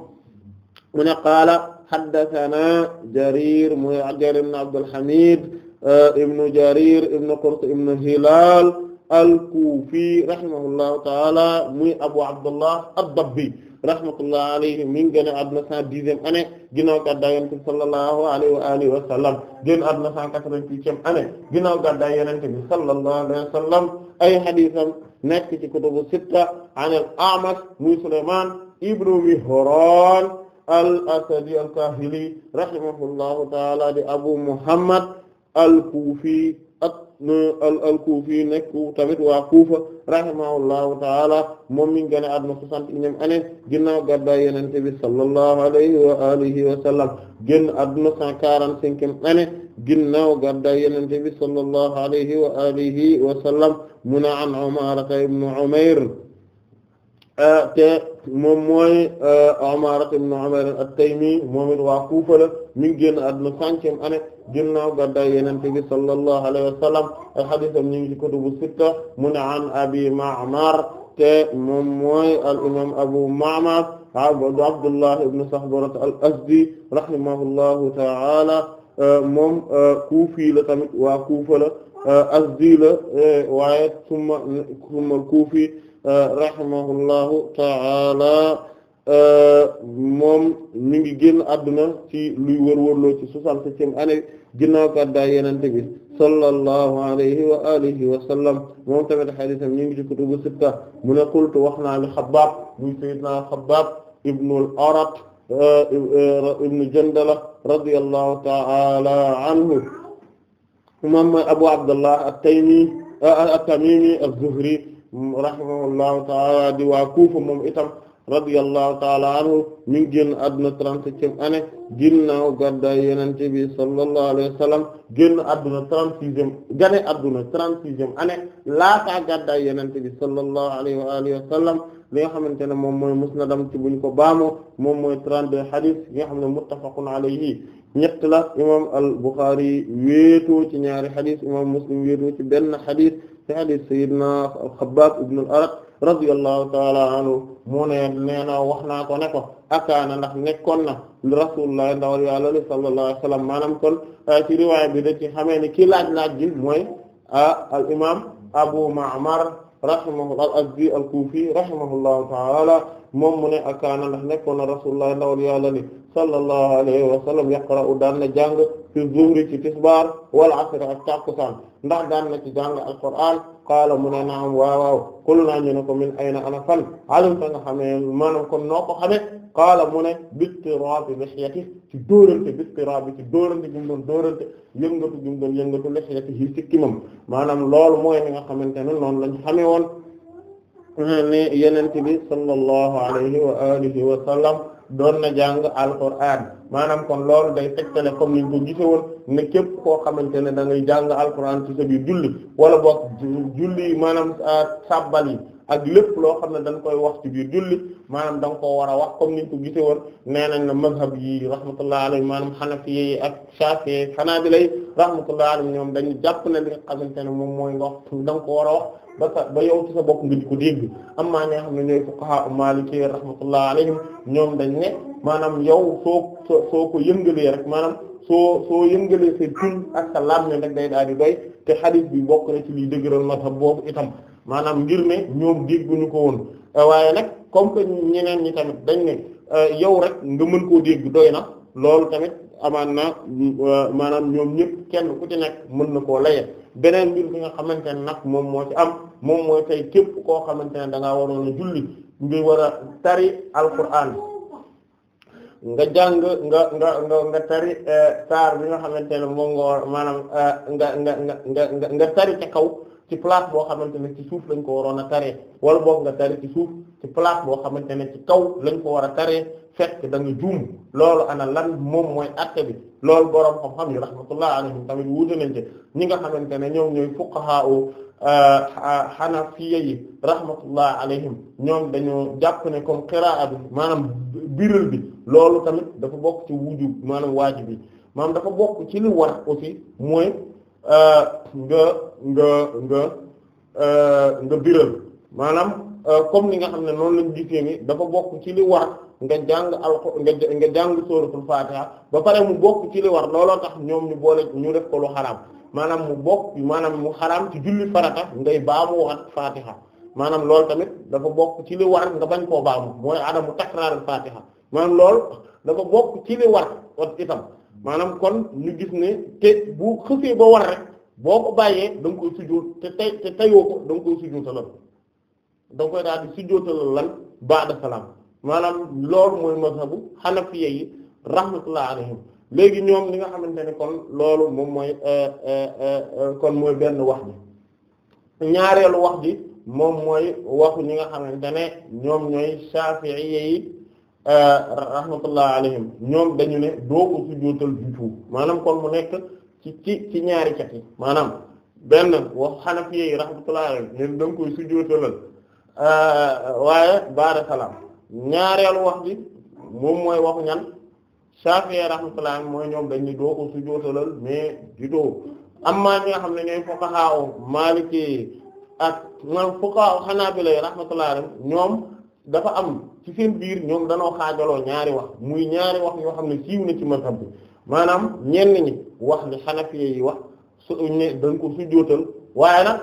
Speaker 1: mu ne qaala haddathana jarir mu jarir ibnu Abdul Hamid eh, ibnu jarir ibnu Qurt ibnu Hilal al-Kufi rahimahullahu taala muy Abu Abdullah ad-Dabbi rahmatullah alayhi mi ngi génn àdduna cent dixième année ginnaaw gàddaay yonent bi sallallahu alayhi wa alihi wa sallam génn àdduna cent quatre-vingt-huitième année ginnaaw gàddaay yonent bi sallallahu alayhi wa sallam ay hadiisam nekk ci kutubu sitta an al-A'mash muy Sulaymaan ibnu Mihraan al-Asadi al-Kaahili rahimahullahu ta'ala di Abu Muhammad al-Kufi al al-Kufi nekk tamit waa Kufa rahimahullahu taala moom mi gane àdduna soixante-et-unième année ginnaaw gàddaay sallallahu alayhi wa alihi wa an Umaara ibn Umayr Euh, te moom mooy Umara euh, ibn Umayr at-Taymi moom it waa Kufa la mi ngi génn àdduna centième année ginnaaw gàddaay Yonent bi sallallahu alayhi wa sallam ay hadiisam ñu ngi ci sitta mu ne an Abi Ma'mar te moom mooy al-imaam Abu Ma'mar Abdullah ibn Sahbura al-Azdi rahimahullahu ta'ala euh, moom Kufi la tamit waa Kufa la Azdi la Kufi rahimahullahu ta'ala euh, moom mi ngi génn àdduna ci luy wërwërloo ci soixante-septième année ginnaaw gàddaay Yonent bi sallallahu alayhi wa alihi wa sallam moom tamit hadiisam ñu ngi ci kutubu sitta mu ne qultu wax naa li Xabbaab muy sayyidina Xabbaab ibnu al-Arat euh, ibnu Jandala radiyallahu ta'ala anhu moom mooy Abu Abdullah at-Taymi euh, at-Tamimi az-Zuhri rahimahullahu taala di waa Kufa moom itam radiyallahu taala anhu mi ngi génn àdduna trente-septième année ginnaaw gàddaay Yonent bi sallallahu alayhi wa sallam génn àdduna trente-sixième gane àdduna trente-sixième année laataa gàddaay Yonent bi sallallahu alayhi wa alihi wa sallam li nga xamante ne moom mooy musnadam ci buñ ko baamoo moom mooy trente-deux hadith yi nga xam ne muttafaqun alayhi ñett la imam al Bukhari wéetoo ci ñaari hadith imam Muslim wéetoo ci benn hadith ci hadith sayyidina al-Khabbab ibn al-Arat radiyallahu ta'ala anhu mu ne nee na wax naa ko ne ko akaana ndax nekkoon na rasulullah ndawal yàlla li sallallahu alayhi wasallam maanaam kon ah, ci riwaaya bi da ci xamee ne ki laaj laaj ji mooy ah, al imam Abu Ma'mar rahimahullah al-Azdi al-Kufi rahimahullahu ta'ala moom mu ne kaana ndax nekkoon na rasulullah ndawal yàlla ni sallallahu alayhi wa sallam yaqra'u daan na jàng fi zuhri ci tisbaar wal asr ak tàkkusaan ndax daan na ci jàng alqur'aan qaala mu ne naam waaw waaw qulnaa ñu ne ko min ayna ana fan alimta nga xamee maanaam kon noo ko xamee qaala mu ne bi bistirabi lihyati ci dóorante bistirabi ci dóorante gi mu doon dóorante yëngatu gi mu doon yëngatu lihyati yi sikkimam maanaam loolu mooy ni nga xamante ne noonu lañ xamee woon ne yenente bi sallallahu alayhi wa alihi wa sallam doon na jàng alquraan maanaam kon loolu day tegtale comme niñ ko gise woon ne képp koo xamante ne da ngay jàng alquraan ci sa julli wala boo julli maanaam ah, sabbal yi ak lépp loo xam ne dañ koy wax ci biir julli maanaam da nga koo war a wax comme niñ ko gise woon nee nañ na mazhab yi rahmatullahi alayhi maanaam xanafiye yi ak shafiye xanaabila yi rahmatullahi alayhi ñoom dañu jàpp na li nga xamante ne moom mooy nga wax da ko war wax ba sa ba yow ci sa bopp nga di ko am amaa ñi nga xam ne ñooy fuqaha maliki rahmatullah alayhim ñoom dañ ne maanaam yow soo soo ko yëngalee rek maanaam soo soo yëngalee sa tuñ ak sa làmmiñ rek day daal di doy te hadith bi bokk na ci liy dëgëral mazhab boobu itam maanaam ngir ne ñoom dégguñu ko woon waaye nag comme que ñeneen ñi tamit dañ ne eh, yow rek nga mën koo dégg doy na loolu tamit amaan na maanaam ñoom ñëpp kenn ku ci nekk mën na koo laye beneen mbir bi nga xamante ne nag moom moo ci am moom mooy tey képp koo xamante ne da ngaa waroon a julli nga war a tari alquran nga jàng nga nga nga nga tari eh, saar bi nga xamante ne moom nga war maanaam eh, nga nga nga nga nga tari ca kaw. ci place boo xamante ne ci suuf lañ ko waroon a taree wala boo nga tare ci suuf ci place boo xamante ne ci kaw lañ ko war a taree fekk da nga juum loolu ana lan moom mooy atte bi loolu boroom xam-xam yi rahmatullah alayhim tamit wuute nañ ci ñi nga xamante ne ñoom ñooy fuqaha xanafiya yi rahmatullah alayhim ñoom dañoo jàpp ne comme qiraa bi maanaam biral bi loolu tamit dafa bokk ci wujub maanaam waajib bi maanaam dafa bokk ci li war aussi mooy nga nga nga eh, nga biral maanaam eh, comme ni nga xam ne noonu lañ gisee ni dafa bokk ci li war nga jàng alxo nga nga jàng suratul fatiha ba pare mu bokk ci li war looloo tax ñoom ñu boole ñu def ko lu xaraam maanaam mu bokk maanaam mu xaraam ci julli farata ngay baamu waxat fatiha maanaam loolu tamit dafa bokk ci li war nga bañ koo mu mooy adamu takraaral fatiha maanaam loolu dafa bokk ci li war wat itam maanaam kon ñu gis ne te bu xësee ba war rek boo ko bàyyee da nga koy sujjóot te tey te tayoo ko da nga koy sujjóotalal da koy daal sujjóotalal lan baada salaam maanaam loolu mooy mazhabu xanafiya yi rahmatullah alayhim léegi ñoom li nga xamante ne kon loolu moom mooy euh, euh, euh, kon mooy benn wax bi ñaareelu wax bi moom mooy waxu ñi nga xamante ne ñoom ñooy shafi'iyyi Euh, rahmatullah alayhim ñoom dañu ne doo ko sujjóotal du maanaam kon mu nekk ci ci ci ñaari cat yi maanaam benn wax xanafi yi rahmatullah alayhim ñen euh, waaye baada salaam ñaareelu wax bi moom mooy waxu ñan Shafi'i rahmatullah mooy ñoom dañ ne doo ko sujjóotalal mais du doo amma ñi xam ne ñooy fuqahaa Maliki ak man fuqahaa Hanaabila rahmatullah alayhim ñoom dafa am ci seen biir ñoom danoo xaajaloo ñaari wax muy ñaari wax yoo xam ne siiw na ci mazhab bi maanaam ñenn ñi wax li xanafi yi wax su ne dañ ko sujjóotal waaye nag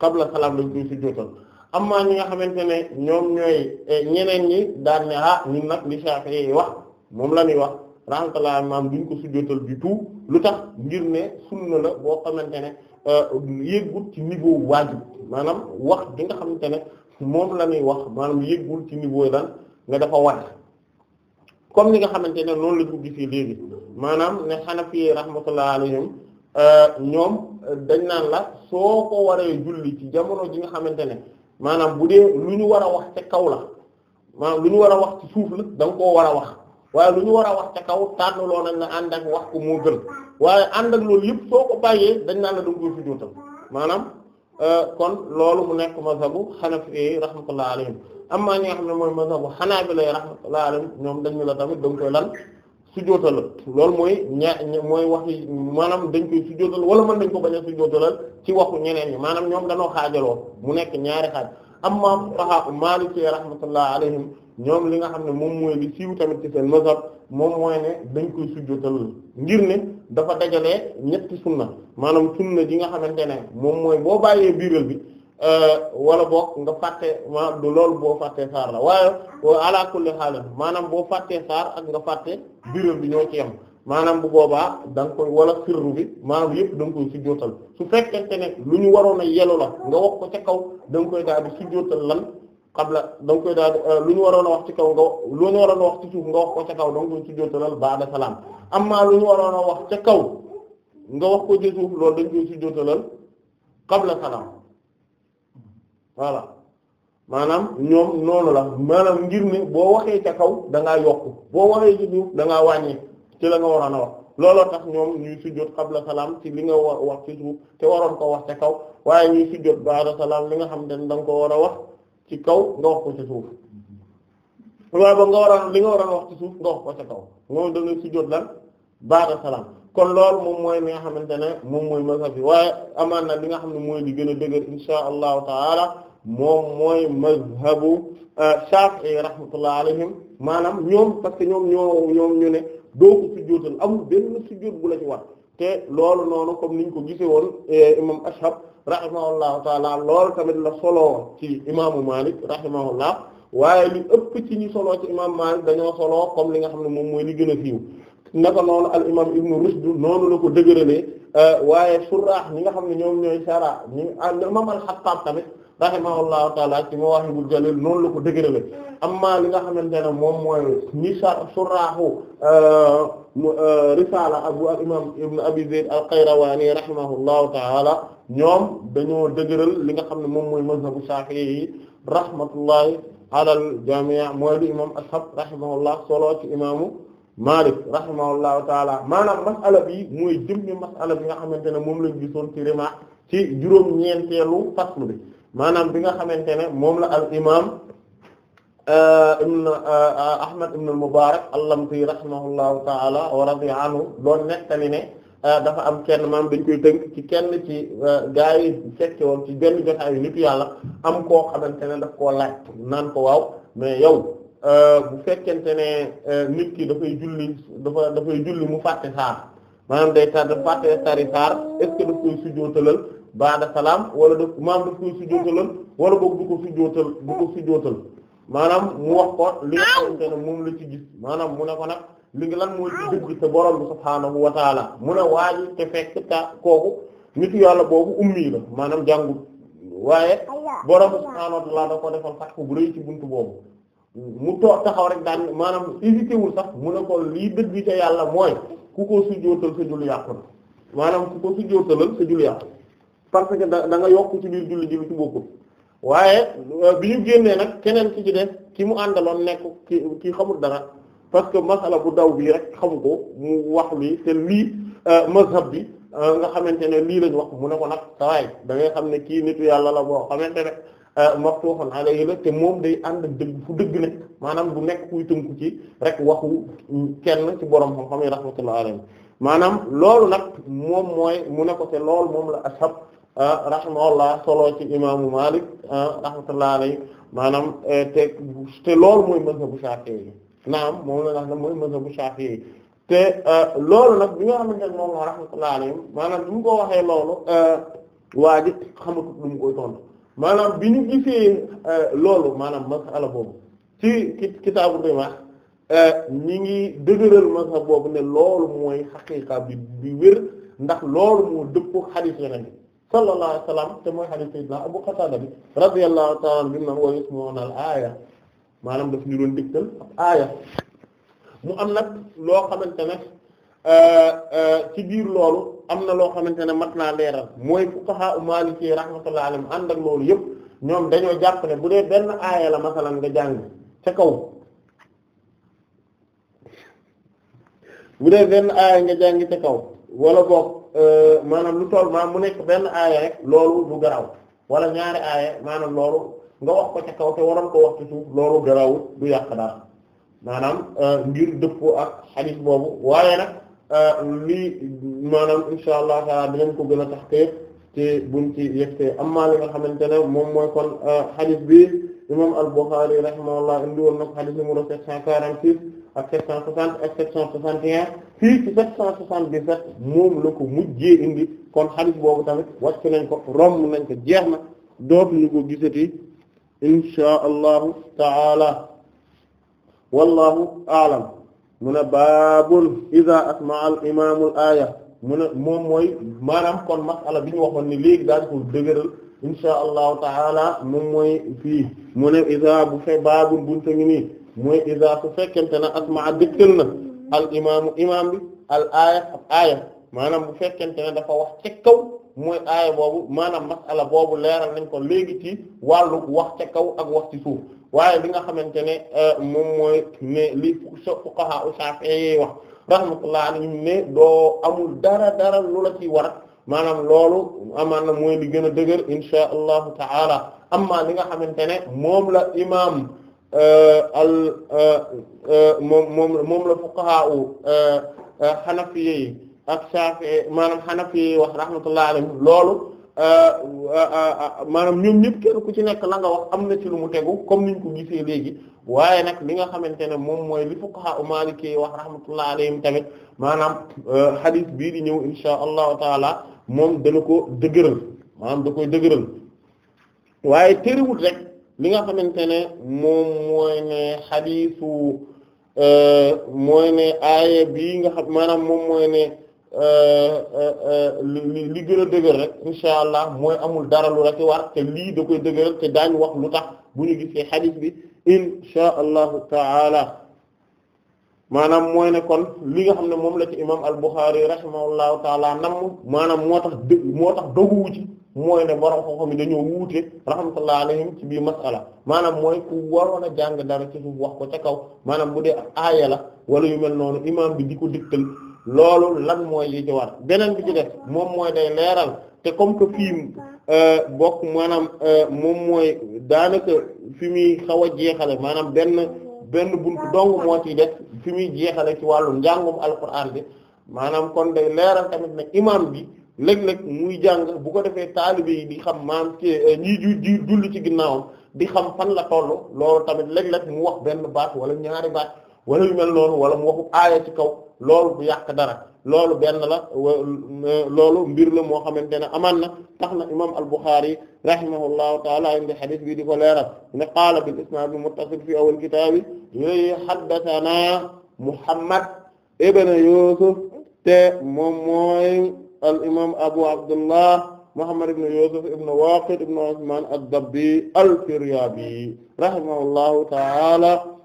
Speaker 1: qabla salaam lañ koy sujjóotal amma ñi nga xamante ne ñoom ñooy eh, ñeneen ñi daan ne ah ñun nag li wax moom la ñuy wax rahmatullah maam duñ ko sujjóotal du tu lu tax ngir ne sunna la boo xamante ne eh, yëggut ci niveau waajib maanaam wax bi nga xamante ne moom la ñuy wax maanaam yëggul ci niveau lan nga dafa wat comme ni nga xamante ne noonu la ñu gisee léegi maanaam ne Hanafi rahmatullah alayhim euh, ñoom euh, dañ naan la soo ko waree julli ci jamono ji nga xamante ne maanaam bu dee lu ñu war a wax ca kaw la maanaam lu ñu war a wax ci suuf la da koo war a wax waaye lu ñu war a wax ca kaw tànnaloo nañ la ànd ak wax ko moo gën waaye ànd ak loolu yëpp soo ko bàyyee dañ naan la da nga koy sujjóotal maanaam. Euh, kon loolu mu nekk mazhabu xanafi rahmatullah alayhim amma ñi nga xam ne mooy mazhabu xanaabila rahmatullah alayhim ñoom dañ dañu la tamit dañ koy lan sujjóotal loolu mooy ña mooy wax maanaam dañ koy sujjóotal wala mën nañ ko bañ a sujjóotalal ci waxu ñeneen ñi maanaam ñoom dañoo xaajaloo mu nekk ñaari xaaj amma fuqaha maliki rahmatullah alayhim ñoom li nga xam ne moom mooy li siiw tamit ci seen mazhab moom mooy ne dañ koy sujjotal ngir ne dafa dajalee ñetti sunna maanaam sunna ji nga xamante ne moom boo bàyyee biiral bi euh, wala boog nga fàtte ma du loolu boo fàttee saar la waaye ala kulli haal maanaam boo fàttee saar ak nga fàtte biiral bi ñoo ci yam maanaam bu boobaa da nga koy wala sirru bi maanaam yëpp da nga koy sujjootal su fekkente ne lu ñu waroon a yelu la nga wax ko ca kaw da nga koy daal di sujjootal lan qabla da nga koy daal euh, lu ñu waroon a wax ci kaw nga lu ñu waroon a wax ci suuf nga wax ko ca kaw da nga koy sujjóotalal ba'da salaam lu ñu waroon a wax ca kaw nga wax ko ci suuf loolu dañ koy sujjóotalal qabla salaam voilà maanaam ñoom noonu la maanaam ngir ne boo waxee ca kaw da ngaa yokk boo waxee ci suuf da ngaa wàññi ci la nga waroon a wax looloo tax ñoom ñuy sujjóot qabla salaam ci li nga wax ci suuf te waroon ko wax ca kaw waaye ñuy sujjóot ba'da salaam li nga xam ne da nga ko war a wax. ci kaw nga wax ko ci suuf waaye ba nga war li nga war a wax ci suuf nga wax ko ci kaw moom da nga sujjóot lan baada salaam kon loolu moom mooy li nga xamante ne moom mooy mazhab bi waaye amaan na li nga xam ne mooy di gën a dëgër insha allahu taala moom mooy mazhabu euh, Shafi'i rahmatullah alayhim maanaam ñoom parce que ñoom ñoo ñoom ñu ne doo ko sujjóotal amul benn sujjóot bu la ci war te loolu noonu comme niñ ko gisee woon eh, imam Ashhab rahimahullahu taala loolu tamit la solo ci imaamu Malik rahimahullah waaye li ëpp ci ñi solo ci imam Malik dañoo solo comme li nga xam ne moom mooy li gën a siiw naka noonu al imam Ibn Rushd noonu la ko dëgëralee eh, waaye surah ñi nga xam ne ñoom ñooy sara ñi ah, imam man khattab tamit rahimahullahu taala ci Mawaahibul Jalil noonu la ko dëgërale amma li nga xamante ne moom mooy ñi sa suraaxu euh, risaala abu al imam ibn abi zayd al qayrawani rahimahullahu taala ñoom dañoo dëgëral li nga xam ne moom mooy mazhabu Shaafi'i yi rahmatullahi alal jamii mooy li imam ashab rahimahullah solo ci imaamu Malik rahimahullahu taala maanaam mas'ala bi mooy jëmmi mas'ala bi nga xamante ne moom lañ gisoon ci rima ci juróom ñeenteelu faslu bi maanaam bi nga xamante ne moom la al imaam euh, ibn euh, Ahmad ibn al-Mubarak al-Lamti rahimahullahu ta'ala wa radiya anhu doon nettali ne euh, dafa am kenn maam dañ koy tënk ci kenn ci gaa yi fekke woon ci benn jotaay nit yàlla am koo xamante ne daf koo laaj naan ko waaw mais yow bu fekkente ne nit ki dafay julli dafa dafay julli mu fàtte saar maanaam day tar fàtte tari saar est daf koy sujjóotalal baada salaam wala daf maanaam daf koy sujjóotaloon wala boog du ko sujjóotal du ko sujjóotal maanaam mu wax ko li nga xamante ne moom la ci gis maanaam mu ne ko nag li nga lan mooy ci te borom bi subhaanahu wa taala mu ne waaji ta kooku nitu yàlla boobu maanaam jàngut waaye borom bi subhaanahu wa taala ko defal sax bu rëy ci bunt boobu mu toog taxaw rek daan maanaam hésité wul sax mu ne ko lii dëgg te yàlla mooy ku ko sujjóotal sa julli yàqu na maanaam ku ko sujjóotalal sa julli parce que da da nga yokk ci biir julli ji lu ci bokkul waaye euh, bi ñu génnee nag keneen ki ci def ki mu àndaloon nekk ki ki xamul dara parce que masala bu daw bii rek xamu ko mu wax lii te lii euh, mazhab bi euh, nga xamante ne lii lañ wax mu ne ko nag sawaay da ngay xam ne kii nitu yàlla la boo xamante ne maftuhun alayhi la te moom day ànd ak dëgg fu dëgg ne maanaam du nekk kuy tënku ci rek waxu kenn ci borom xam-xam yi rahmatullahi alayhi maanaam loolu nag moom mooy mu ne ko te loolu moom la ashab Ah, rahimahullah solo ci imaamu Malik ah, rahmatullahi alayhi maanaam eh, te te loolu mooy mën Shafi'i naam moom la nga mooy mazhabu Shafi'i te ah, loolu nag bi nga xam ne moom rahmatullahi alayhi maanaam bi mu ko waxee loolu waa ji xamatut lu mu koy tontu maanaam bi ñu gisee loolu maanaam masala boobu ci ci kitaabu Rimaah ñi ngi dëgëral mazhab boobu ne loolu mooy xaqiiqa bi bi wér ndax loolu moo dëppoo xadiis Yonent bi sallallahu alayhi wa te mooy hadith sayyidina Abu Qatada bi radiyallahu ta'ala anhu bi mu naan wa yasma'una al-aaya maanaam daf ñu doon digtal aaya mu am nag loo xamante ne euh, euh, ci biir loolu am na loo xamante ne mat naa leeral mooy fuqaha Maliki rahmatullahi alayhim ànd ak loolu yëpp ñoom dañoo jàpp ne bu dee benn aaya la masalan nga jàng ca kaw bu dee benn aaya nga jàng ca kaw wala boog Euh, maanaam lu toll maanaam mu nekk benn aaya rek loolu du garaw wala ñaari aaya maanaam loolu nga wax ko ca kaw te waroon ko wax ci suuf loolu garaw du yàq daal maanaam euh, ngir dëppoo ak xadiis boobu waaye nag euh, lii maanaam insha allah taala dinañ ko gën a tax te buñ ci yegg te amaa li nga xamante ne moom mooy kon xadiis bi. imam al-Bukhari rahimahullah indi woon na ko xadis numéro 746 ak 760 ak 761 fii ci 777 moom la ko mujjee indi kon xadis boobu tamit wàcc nañ ko romb nañ ko jeex na dootuñu ko gisati inshaa allahu taala wallahu aalam mu ne baabun iza asmaa al imaamul aaya mu ne moom mooy maanaam kon masala bi ñu waxoon ni léegi daal ko dëgëral insha allahu taala moom mooy fii mu ne bu fe baabul bunta ngi nii mooy isa su fekkente na asmaa dëkkal na al imaamu imaam bi al aaya ak aaya maanaam bu fekkente ne dafa wax ca kaw mooy aaya boobu maanaam masala boobu leeral nañ ko léegi ci wàllu wax ca kaw ak wax ci suuf waaye li nga xamante ne euh, moom mooy ne li fuqaha u Shafi'i wax rahmatullah alayhim ne doo amul dara dara lu la ci war maanaam loolu amaan na mooy li gën a dëgër insha allahu ta'ala amma li nga xamante ne moom la imaam euh, al euh, euh, moom moom moom la fuqaha u xanafiye ak Shafi'i maanaam xanafiye yi wax rahmatullah alayhim loolu maanaam ñoom ñëpp kenn ku ci nekk la wax am na ci lu mu tegu comme niñ ko gisee léegi waaye nag li nga xamante ne moom mooy li fuqaha u maliki yi wax rahmatullah tamit maanaam hadith bii di ñëw insha allahu taala moom dana ko dëgëral maanaam da koy dëgëral waaye tëriwut rek li nga xamante ne moom mooy ne xadiisu euh, mooy ne aaya bii nga xam maanaam moom mooy ne li euh, euh, li gën a dëgër rek insha allah mooy amul dara lu la te lii da koy dëgëral te daañ wax lu tax bu ñu gisee xadiis bi insha taala maanaam mooy ne kon li nga xam ne moom la ci imam al-Bukhari rahimahullahu taala namm maanaam moo tax dë moo tax doguwu ci mooy ne borom xam-xam yi dañoo wuute rahmatullahi alayhim ci bii masala maanaam mooy ku waroon a jàng dara ci suuf wax ko ca kaw maanaam bu dee aaya la wala yu mel noonu imam bi di ko digtal loolu lan mooy li ci war beneen bi ci def moom mooy day leeral te comme que fii euh, bokk maanaam euh, moom mooy daanaka fi muy xaw a jeexale maanaam benn benn bunt dong moo ciy def fi muy jeexale ci wàllu njàngum alquran bi maanaam kon day leeral tamit ne imam bi léeg-léeg muy jàng bu ko defee taalibe yi di xam maam ci eh, ñi ji julli ci ginnaawam di xam fan la toll loolu tamit léeg-léeg mu wax benn baat wala ñaari baat wala yu mel noonu wala mu waxu aaya ci kaw loolu bu yàq dara loolu benn la loolu mbir la moo xamante ne amaan na tax na imam al-Bukhari rahimahullahu taala indi xadis bi di ko leeral ne qaala bil isnaad muttasil fi awal kitaabi yooyu haddathana Muhammad ibn Yusuf te moom mooy al imam Abu Abdullah Muhammad ibn Yusuf al-Firyabi rahimahullahu taala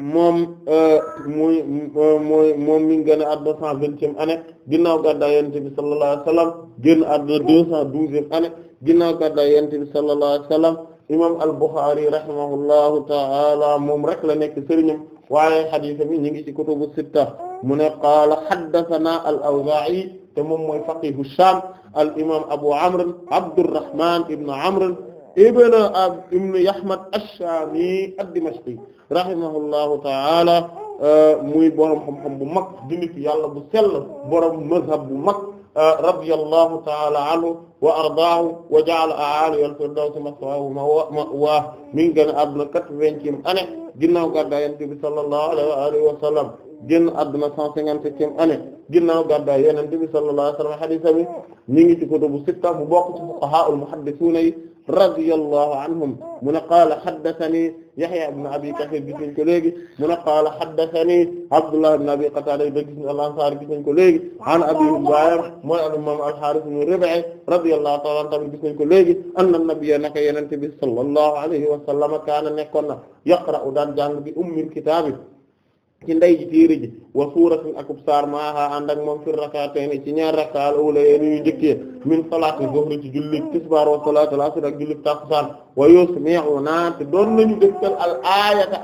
Speaker 1: moom euh, muy euh, mooy moom mi ngi gën a àdduna cent vingtième année ginnaaw gàddaay yonent bi sallallahu alayhi wa sallam génn àdduna deux cent douzième année ginnaaw gàddaay yonent bi sallallahu alayhi wa sallam imam al-Bukhari ta'ala moom rek la nekk sëriñam waaye xadiis bi ñu ngi ci kutubu sitta mu ne qaala haddathana al-Awzaa'i te moom mooy faqihu Shaam al imam Abu Amr Abdurrahman ibn Amr ibn ibn Yahmad ash-Shami ad-Dimashqi rahimahullahu ta'ala euh, muy borom xam-xam bu mag di nit yàlla bu sell borom mazhab bu mag euh, radiyallahu ta'ala anhu wa ardaahu wa ja'ala a'aalihi al-firdawsi maswaahu ma'waahu mi ngi génn àdduna quatre-vingtième année ginnaaw gàddaay Yonent bi sallallahu alayhi wa alihi wa sallam génn àdduna cent cinquante-septième année ginnaaw gàddaay Yonent bi sallallahu alayhi wa sallam hadiis bi ñu ngi ci kutubu sitta mu bokk ci fuqahaa'ul muhaddisuuna yi radiyallahu anhum mu ne qaala haddathani Yahya ibn Abi Kathir gis nañ ko léegi mu ne qaala haddathani Abdullah ibn Abi Qatada gis nañ al-Ansari gis nañ ko léegi an Abi Hurayra mooy al-imam al-Harith ibn Rib'i radiyallahu ta'ala anhu tamit gis nañ ko léegi anna nabiyya naka yonent bi sallallahu alayhi wa sallam kaana nekkoon na yaqra'u daan jàng bi ummil kitaabi ci nday ji téere ji wa suuratin akub saar maaha ànd ak moom fir rak'atayn ci ñaar rak'a al-uula yéen yu njëkkee min salaati zuhri ci julli tisbaar wa salaati al-asr ak julli takusaan wa yusmi'una te doon nañu dégtal al aayata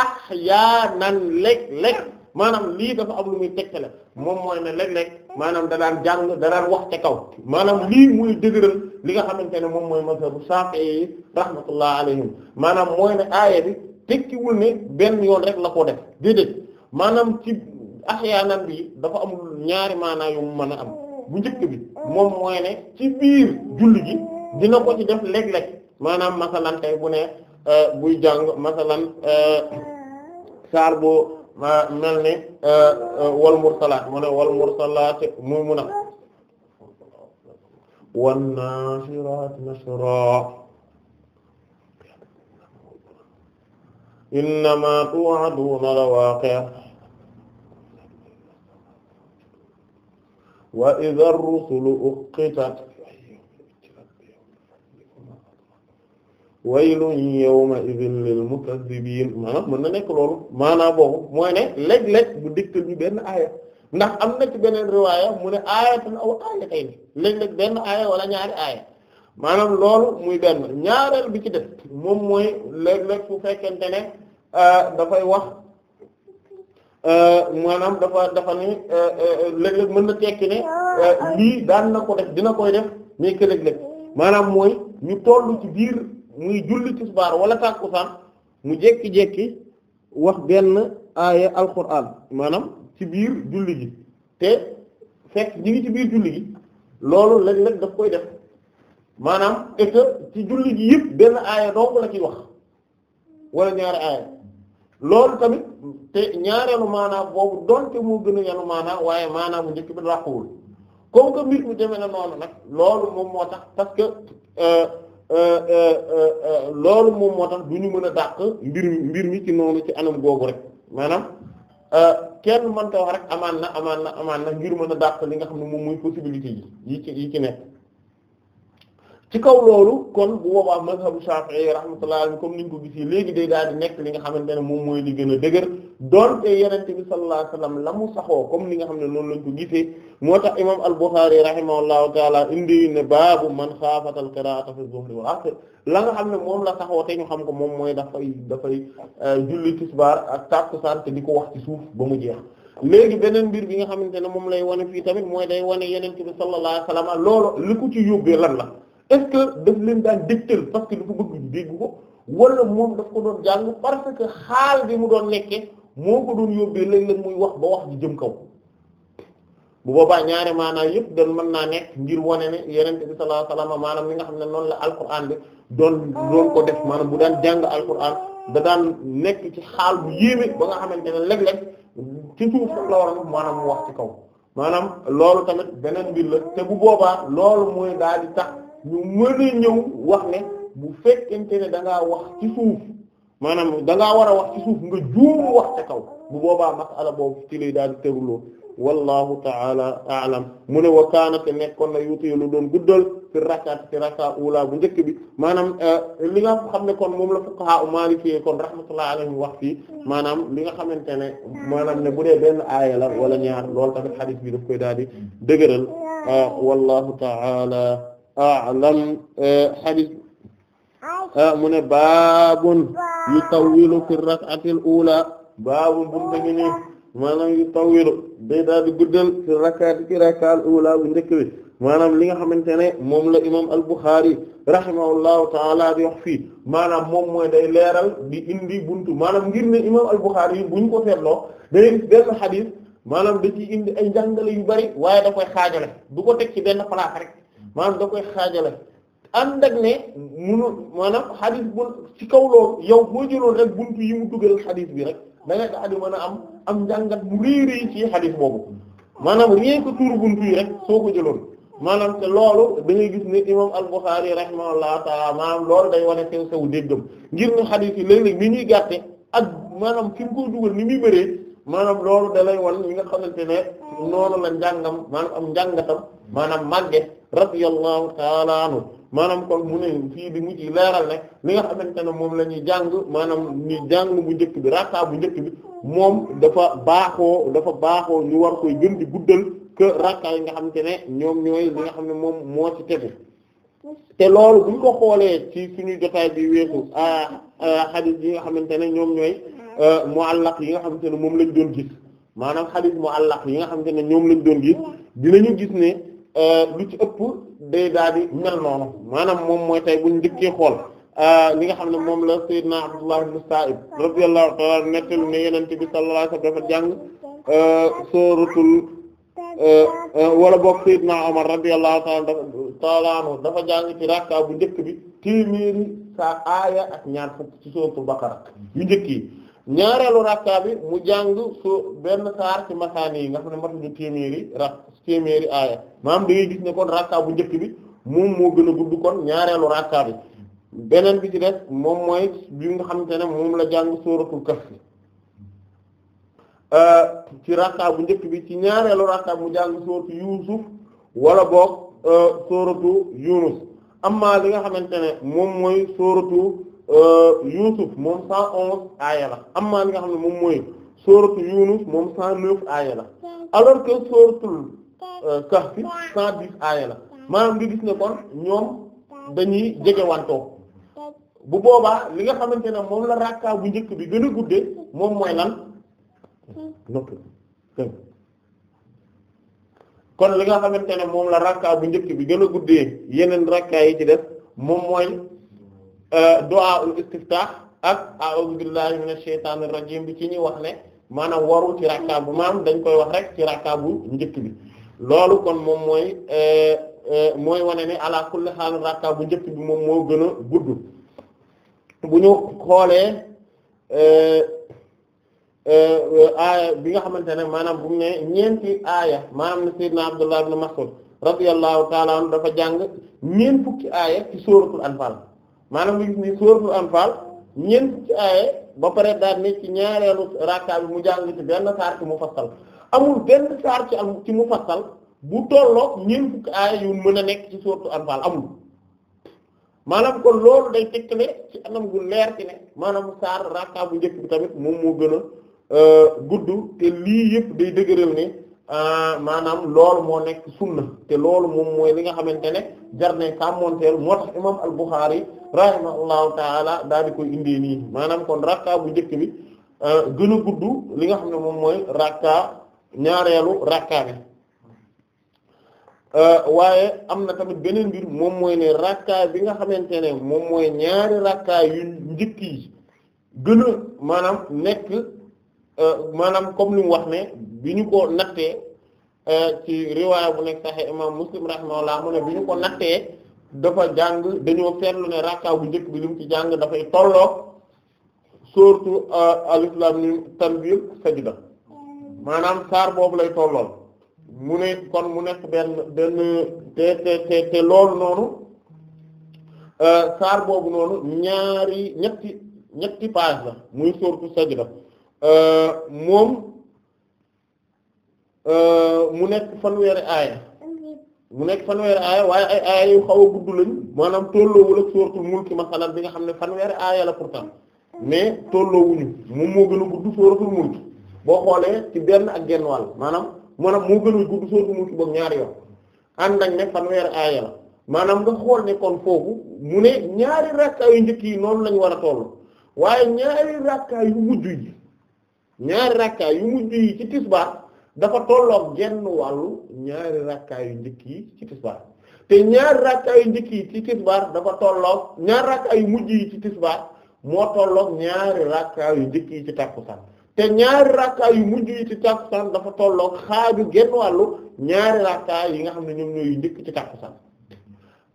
Speaker 1: ahyaanan léeg-léeg maanaam lii dafa am lu muy tegtale moom mooy ne léeg-léeg maanaam da jàng da daan wax ca kaw maanaam lii muy dëgëral li nga xamante ne moom mooy mazhabu Shaafi'i rahmatullah alayhim maanaam mooy ne aaya tekkiwul ne benn yoon rek la ko def déedéet maanaam ci axyaanan bi dafa am ñaari maanaa yu mu mën a am bu njëkk bi moom mooy ne ci biir julli gi dina ko ci def léeg-léeg maanaam masalan tey bu ne euh, buy jàng masalan euh, saar boo euh, mel ne wal mursalaat mu ne wal mursalaat mu mun a wan nashiraat nashra innama tu'aduna lawaqi' wa idha ar-rusulu uqqitat waylun yawma idhin lil mukaththibin maanaam mën na nekk loolu maanaam boobu mooy ne léeg-léeg bu dikkal bi benn aaya ndax am na ci beneen riwaaya mu ne aayatan aw aayatayn léeg-léeg benn aaya wala ñaari aaya maanaam loolu muy benn ñaareel bi def moom mooy léeg-léeg fu fekkente ne Euh, dafay wax euh, maanaam dafa dafa ni euh, léeg-léeg mën na tekki ne lii daan na ko def dina koy def mais que léeg-léeg maanaam mooy ñu tollu ci biir muy julli tisbaar wala tàkkusaan mu jekki-jekki wax benn aaya alquran maanaam ci biir julli gi te fekk ñi ngi ci biir julli gi loolu léeg-léeg daf koy def maanaam et ci julli gi yëpp benn aaya dong la ciy wax wala ñaari aaya loolu tamit te ñaareelu maanaa boobu donte moo gën a yanu maanaa waaye maanaa mu njëkk bi ràquwul comme que mbir mu demee na noonu nag loolu moom moo tax parce que euh, euh, euh, loolu moom moo tax du ñu mën a dàq mbir mbir mi ci noonu ci anam googu rek maanaam kenn mënta wax rek amaan na amaan na amaan na ngir mën a dàq li nga xam ne moom mooy possibilité yi yi yi ci nekk ci kaw loolu kon bu boobaa mazhabu Shafi'i rahmatullahi alayhi comme niñ ko gisee léegi day daal di nekk li nga xamante ne moom mooy li gën a dëgër donte yenente bi la mu saxoo comme li nga xam ne noonu lañ ko gisee moo tax imam al-Bukhari rahimahullahu taala indi ne baabu man xaafatal qira'ata fi dhuhri wal asr la nga xam ne moom la saxoo te ñu xam ko moom mooy dafay dafay euh, julli tisbaar ak tàkkusaan te di ko wax ci suuf ba mu jeex léegi beneen mbir bi nga xamante ne moom lay wane fii tamit mooy day wane yenente bi sallallahu alayhi wasallam loolu li ko ci yóbbee lan la est-ce que daf leen daan dégtal parce que dafa bëgg ñu dégg ko wala moom daf ko doon jàng que xaal bi mu doon nekkee moo ko doon yóbbee léeg-léeg muy wax ba wax ji jëm kaw bu boobaa ñaari maanaa yëpp dan mën naa nekk ngir wane ne yenente bi sallallahu alayhi wasallam maanaam li nga xam ne noonu la alquran bi doon doon ko def maanaam bu daan jàng alquran da daan nekk ci xaal bu yéeme ba nga xamante ne léeg-léeg ci suuf la war a maanaam mu wax ci kaw maanaam ñu mën a ñëw wax ne bu fekkente ne da ngaa wax ci suuf maanaam da ngaa war a wax ci suuf nga juum wax ca kaw bu boobaa masala boobu ci lay daal di tëruloo wallahu taala aalam mu ne wa kaana te nekkoon na yutiilu doon guddal fi rakaat fi raka ula bu njëkk bi maanaam eh, li nga xam ne kon moom la fuqaha u maliki kon rahmatullah alayhi wax fii maanaam li nga xamante ne maanaam ne bu dee benn aaya la wala ñaar lool tamit xadiis bi daf koy daal di dëgëral eh, a'lam hadis mu ne baabun yutawwilu fi rak'atil ula baabun bunta gi ni maanaam yutawwilu day daal di guddal fi rak'ati fi rak'al ula bu njëkk bi maanaam li nga xamante ne moom la imam al-Bukhari rahimahullahu ta'ala di wax fii maanaam moom mooy day leeral di indi buntu maanaam ngir ne imam al-Bukhari buñ ko seetloo day gis benn xadis maanaam da ciy indi ay njàngale yu bari waaye da koy xaajale du ko teg ci benn place rek maanaam da koy xaajale ànd ak ne munu maanaam xadis bu ci kaw loolu yow boo jëloon rek buntu yi mu dugal xadis bi rek da nga daal di mën a am am njàngat mu rëy rëy ci xadis boobu maanaam rien ko tuur buntu yi rek soo ko jëloon maanaam te loolu da ngay gis ne imam al-Bukhari rahimahullahu taala maanaam loolu day wane sew sew déggam ngir ne xadis yi léeg-léeg ni ñuy gàtte ak maanaam ki ko dugal ni muy bëree maanaam loolu da lay wan ñi nga xamante ne noonu la njàngam maanaam am njàngatam maanaam màgge radiyallahu taala anhu maanaam kon mu ne fii di mu ci leeral ne li nga xamante ne moom la ñuy jàng maanaam ñu jàng bu njëkk bi rakka bu njëkk bi moom dafa baaxoo dafa baaxoo ñu war koy gën di guddal que rakka yi nga xamante ne ñoom ñooy li nga xam ne moom moo ci tegu te loolu buñ ko xoolee ci suñu jotaay bi weesu xadis yi nga xamante ne ñoom ñooy muallaq yi nga xamante ne moom lañ doon gis maanaam xadis muallaq yi nga xamante ne ñoom lañ doon gis dinañu gis ne bi euh, ci ëpp day daal mel noonu maanaam moom mooy tey buñ njëkkee xool euh, li nga xam ne moom la sayyidna Abdullah ibn Sa'ib radiyallahu ta'ala nettali ne Yonent bi sallallahu alayhi wa sallam dafa jàng euh, sooratul wala boog sayyidna Umar radiyallahu ta'ala anhu dafa jàng ci rakka bu njëkk bi téeméeri sa aaya ak ñaar fukk ci sooratul Baqara yu njëkk ñaareelu rakka bi mu jàng su benn saar ci masaani yi nga xam ne matuñu téeméeri rak téeméeri aaya bu njëkk bi moom moo gën gudd kon ñaareelu rakka beneen bi ci des moom mooy bi nga xamante ne moom la jàng sóoratul Kahf euh, ci rakka bu njëkk bi ci ñaareelu rakka mu jàng sóoratu Yuusuf wala boog euh, sóoratu Yunus amma li nga xamante ne moom mooy sóoratu Euh, Yuusuf moom cent onze aaya la amma li nga xam ne moom mooy sooratu Yunus moom cent neuf aaya la alors que sooratul euh, Kahf cent dix aaya la maanaam nga gis ne kon ñoom dañuy jegewantoo bu boobaa li nga xamante ne moom la rakka bu njëkk bi gën a guddee moom mooy lan kon li nga xamante ne moom la rakka bu njëkk bi gën a guddee yeneen rakka yi ci def moom mooy Euh, du'aaul istiftah ak a'uuzu billahi minash shaytaanir rajiim bi ci ñuy wax ne maanaam waru ci rakka bu maam dañ koy wax rek ci rakka bu njëkk bi loolu kon moom mooy euh, euh, mooy wane ni ala kulli haal rakka njëkk bi moom moo gën a gudd bu ñu xoolee aaya bi nga xamante ne maanaam bu mu ne ñeenti aaya maanaam ne sayyidina Abdullah ibn Mas'ud radiyallahu ta'ala anhu dafa jàng ñeent fukki aaya ci sóoratul Anfal maanaam nga gis ni suuratul Anfaal ñeent ci aaye ba pare daal ne ci ñaareelu rakka bi mu jàng ci benn saar ci mufassal amul benn saar ci am ci mufassal bu tolloog ñeent fukki aaye yu mën a nekk ci suuratul Anfaal amul maanaam kon loolu day tegtale ci anam gu leer ci ne maanaam saar rakka bu njëkk bi tamit moom moo gën a euh, gudd te lii yëpp day dëgëral ni euh, maanaam loolu moo nekk sunna te loolu moom mooy li nga xamante ne jar nañ sàmmonteel moo tax imam al-Bukhari rahimahullahu taala daal di koy indee nii maanaam kon rakka bu njëkk bi euh, gën gudd li nga xam ne moom mooy rakka ñaareelu rakka bi euh, waaye am na tamit beneen mbir moom mooy ne rakka bi nga xamante ne moom mooy ñaari rakka yu njëkk yi gën maanaam nekk euh, maanaam comme li wax ne bi ñu ko nattee Euh, ci riwaaya bu nekk Sahih imam Muslim rahimahullah mu ne bi ñu ko nattee dafa jàng dañoo seetlu ne rakka bu njëkk bi lim ci jàng dafay tolloo surtout euh, alif lam mim tanwin maanaam saar boobu lay tollool mu ne kon mu nekk benn benn te te te te loolu noonu euh, saar boobu noonu ñaari ñetti ñetti page la muy surtout sajda moom Euh, mu nekk fanweeri aaya mu nekk fanweeri aaya waaye ay aaya yu xaw a gudd lañ maanaam tolloowul ak suuratul mulki masalan bi nga xam ne fanweeri aaya la pourtant mais tolloowuñu moom moo gën a gudd suuratul mulki boo xoolee ci benn ak genn maanaam maanaam moo gën a ñaari yoon ànd nañ ne fanweeri aaya la maanaam nga xool ne foofu mu ne ñaari rakka yu njëkk yi noonu lañ war a toll waaye ñaari rakka yu mujj yi ñaari rakka yu mujj yi ci tisbaar dafa tollook genn wàllu ñaari rakkaa yu njëkk yi ci tisbaar te ñaari rakkaa yu njëkk yi ci tisbaar dafa tolloog ñaari rakkaa yu mujj moo tolloog ñaari rakkaa yu njëkk yi ci tàkkusaan te ñaari rakkaa yu mujj yi ci tàkkusaan dafa tolloog xaaju genn wàllu ñaari rakkaa yi nga xam ne ñoom ñooy njëkk ci tàkkusaan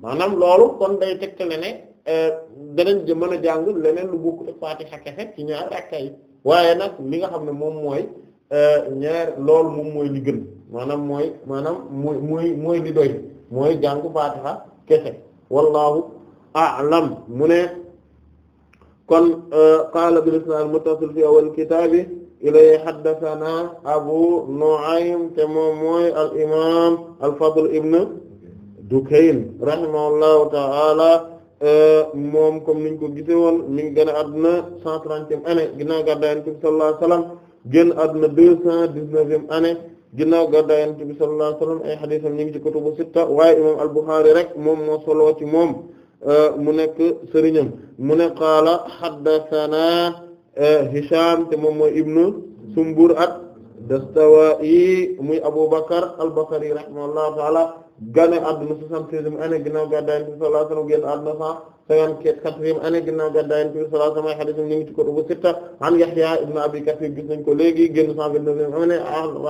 Speaker 1: maanaam loolu kon day teg tegtale ne eh, danañ mën a jàng leneen lu bokk te Faatiha kese ci ñaari rakkaa yi waaye nag li nga xam ne moom mooy Euh, ñaar lool moom mooy li gën maanaam mooy maanaam mooy mooy mooy li doy mooy jàngu faatiha kese wallahu a'lam mu ne kon euh, qaala bil isnad muttasil fi awal kitaabi ilay haddathana abu nu'aym te moom mooy al imam al fadl ibn dukayn rahimahullahu ta'ala euh, moom comme niñ ko gise woon gën a adduna cent trentième année génn àdduna deux cent dix-neuvième année ginnaaw gàddaay Yonent bi sallallahu alayhi wa sallam ay xadiisam ñu ngi ci kutubu sitta waaye imaam al-Bukhari rek moom moo soloo ci moom euh, mu nekk sëriñam mu ne qaala haddathana euh, Hisham te moom mooy ibnu Sumbur at Dastawa'i muy Abu Bakar al-Basri rahimahullahu ta'ala gane àdduna 76e année ginnaaw gàddaay Yonent bi sallallahu alayhi wasallam génn àdduna 154e année ginnaaw gàddaay Yonent bi sallallahu alayhi wasallam ay hadith ñu ngi sitta an Yahya ibn Abi Kathir gis nañ ko léegi génn 129e année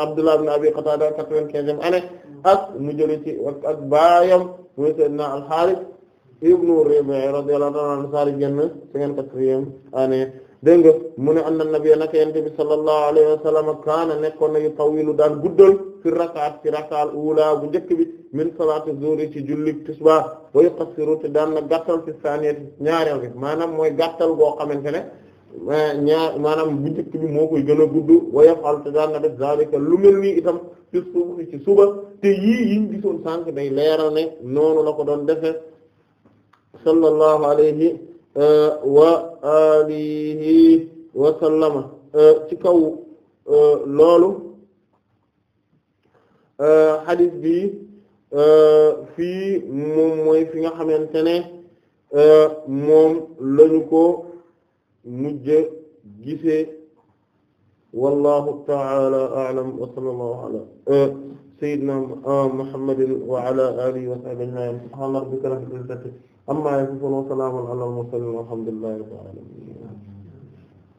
Speaker 1: Abdullah ibn Abi Qatada 95e année ak mu jëlee ci ak baayam muy Seydina al-Harith ibn Rabi' radiyallahu anhu génn 54e année dégg nga mu ne anna nabiyya nak bi sallallahu alayhi wa kaana nekkoon na yu tawilu daan guddal fi rakaat ci rakaat uulaa bu njëkk bi min salaati zuhri ci julli tisbaar wa yuqassiru te daan na fi saaniyati ñaareel bi maanaam mooy gàttal goo xamante ne eh, ñaar maanaam bu moo koy gën a gudd wa yafal te daan na def zalika lu mel nii itam ci ci suba te yii yiñ gisoon sànq day leeral ne noonu la ko doon defe sallallahu alayhi wa alihi wa sallama ci kaw loolu hadith bi fii moom mooy fi nga xamante ne moom lañu ko mujjë gisee wallahu ta'ala a'lam wa sallallahu ala sayyidina muhammadin wa ala alihi wa sahbihi ajma'in subhana rabbika rabbil izzati amma yasifun wa salaamun alal mursalin walhamdulillahi rabbil alamin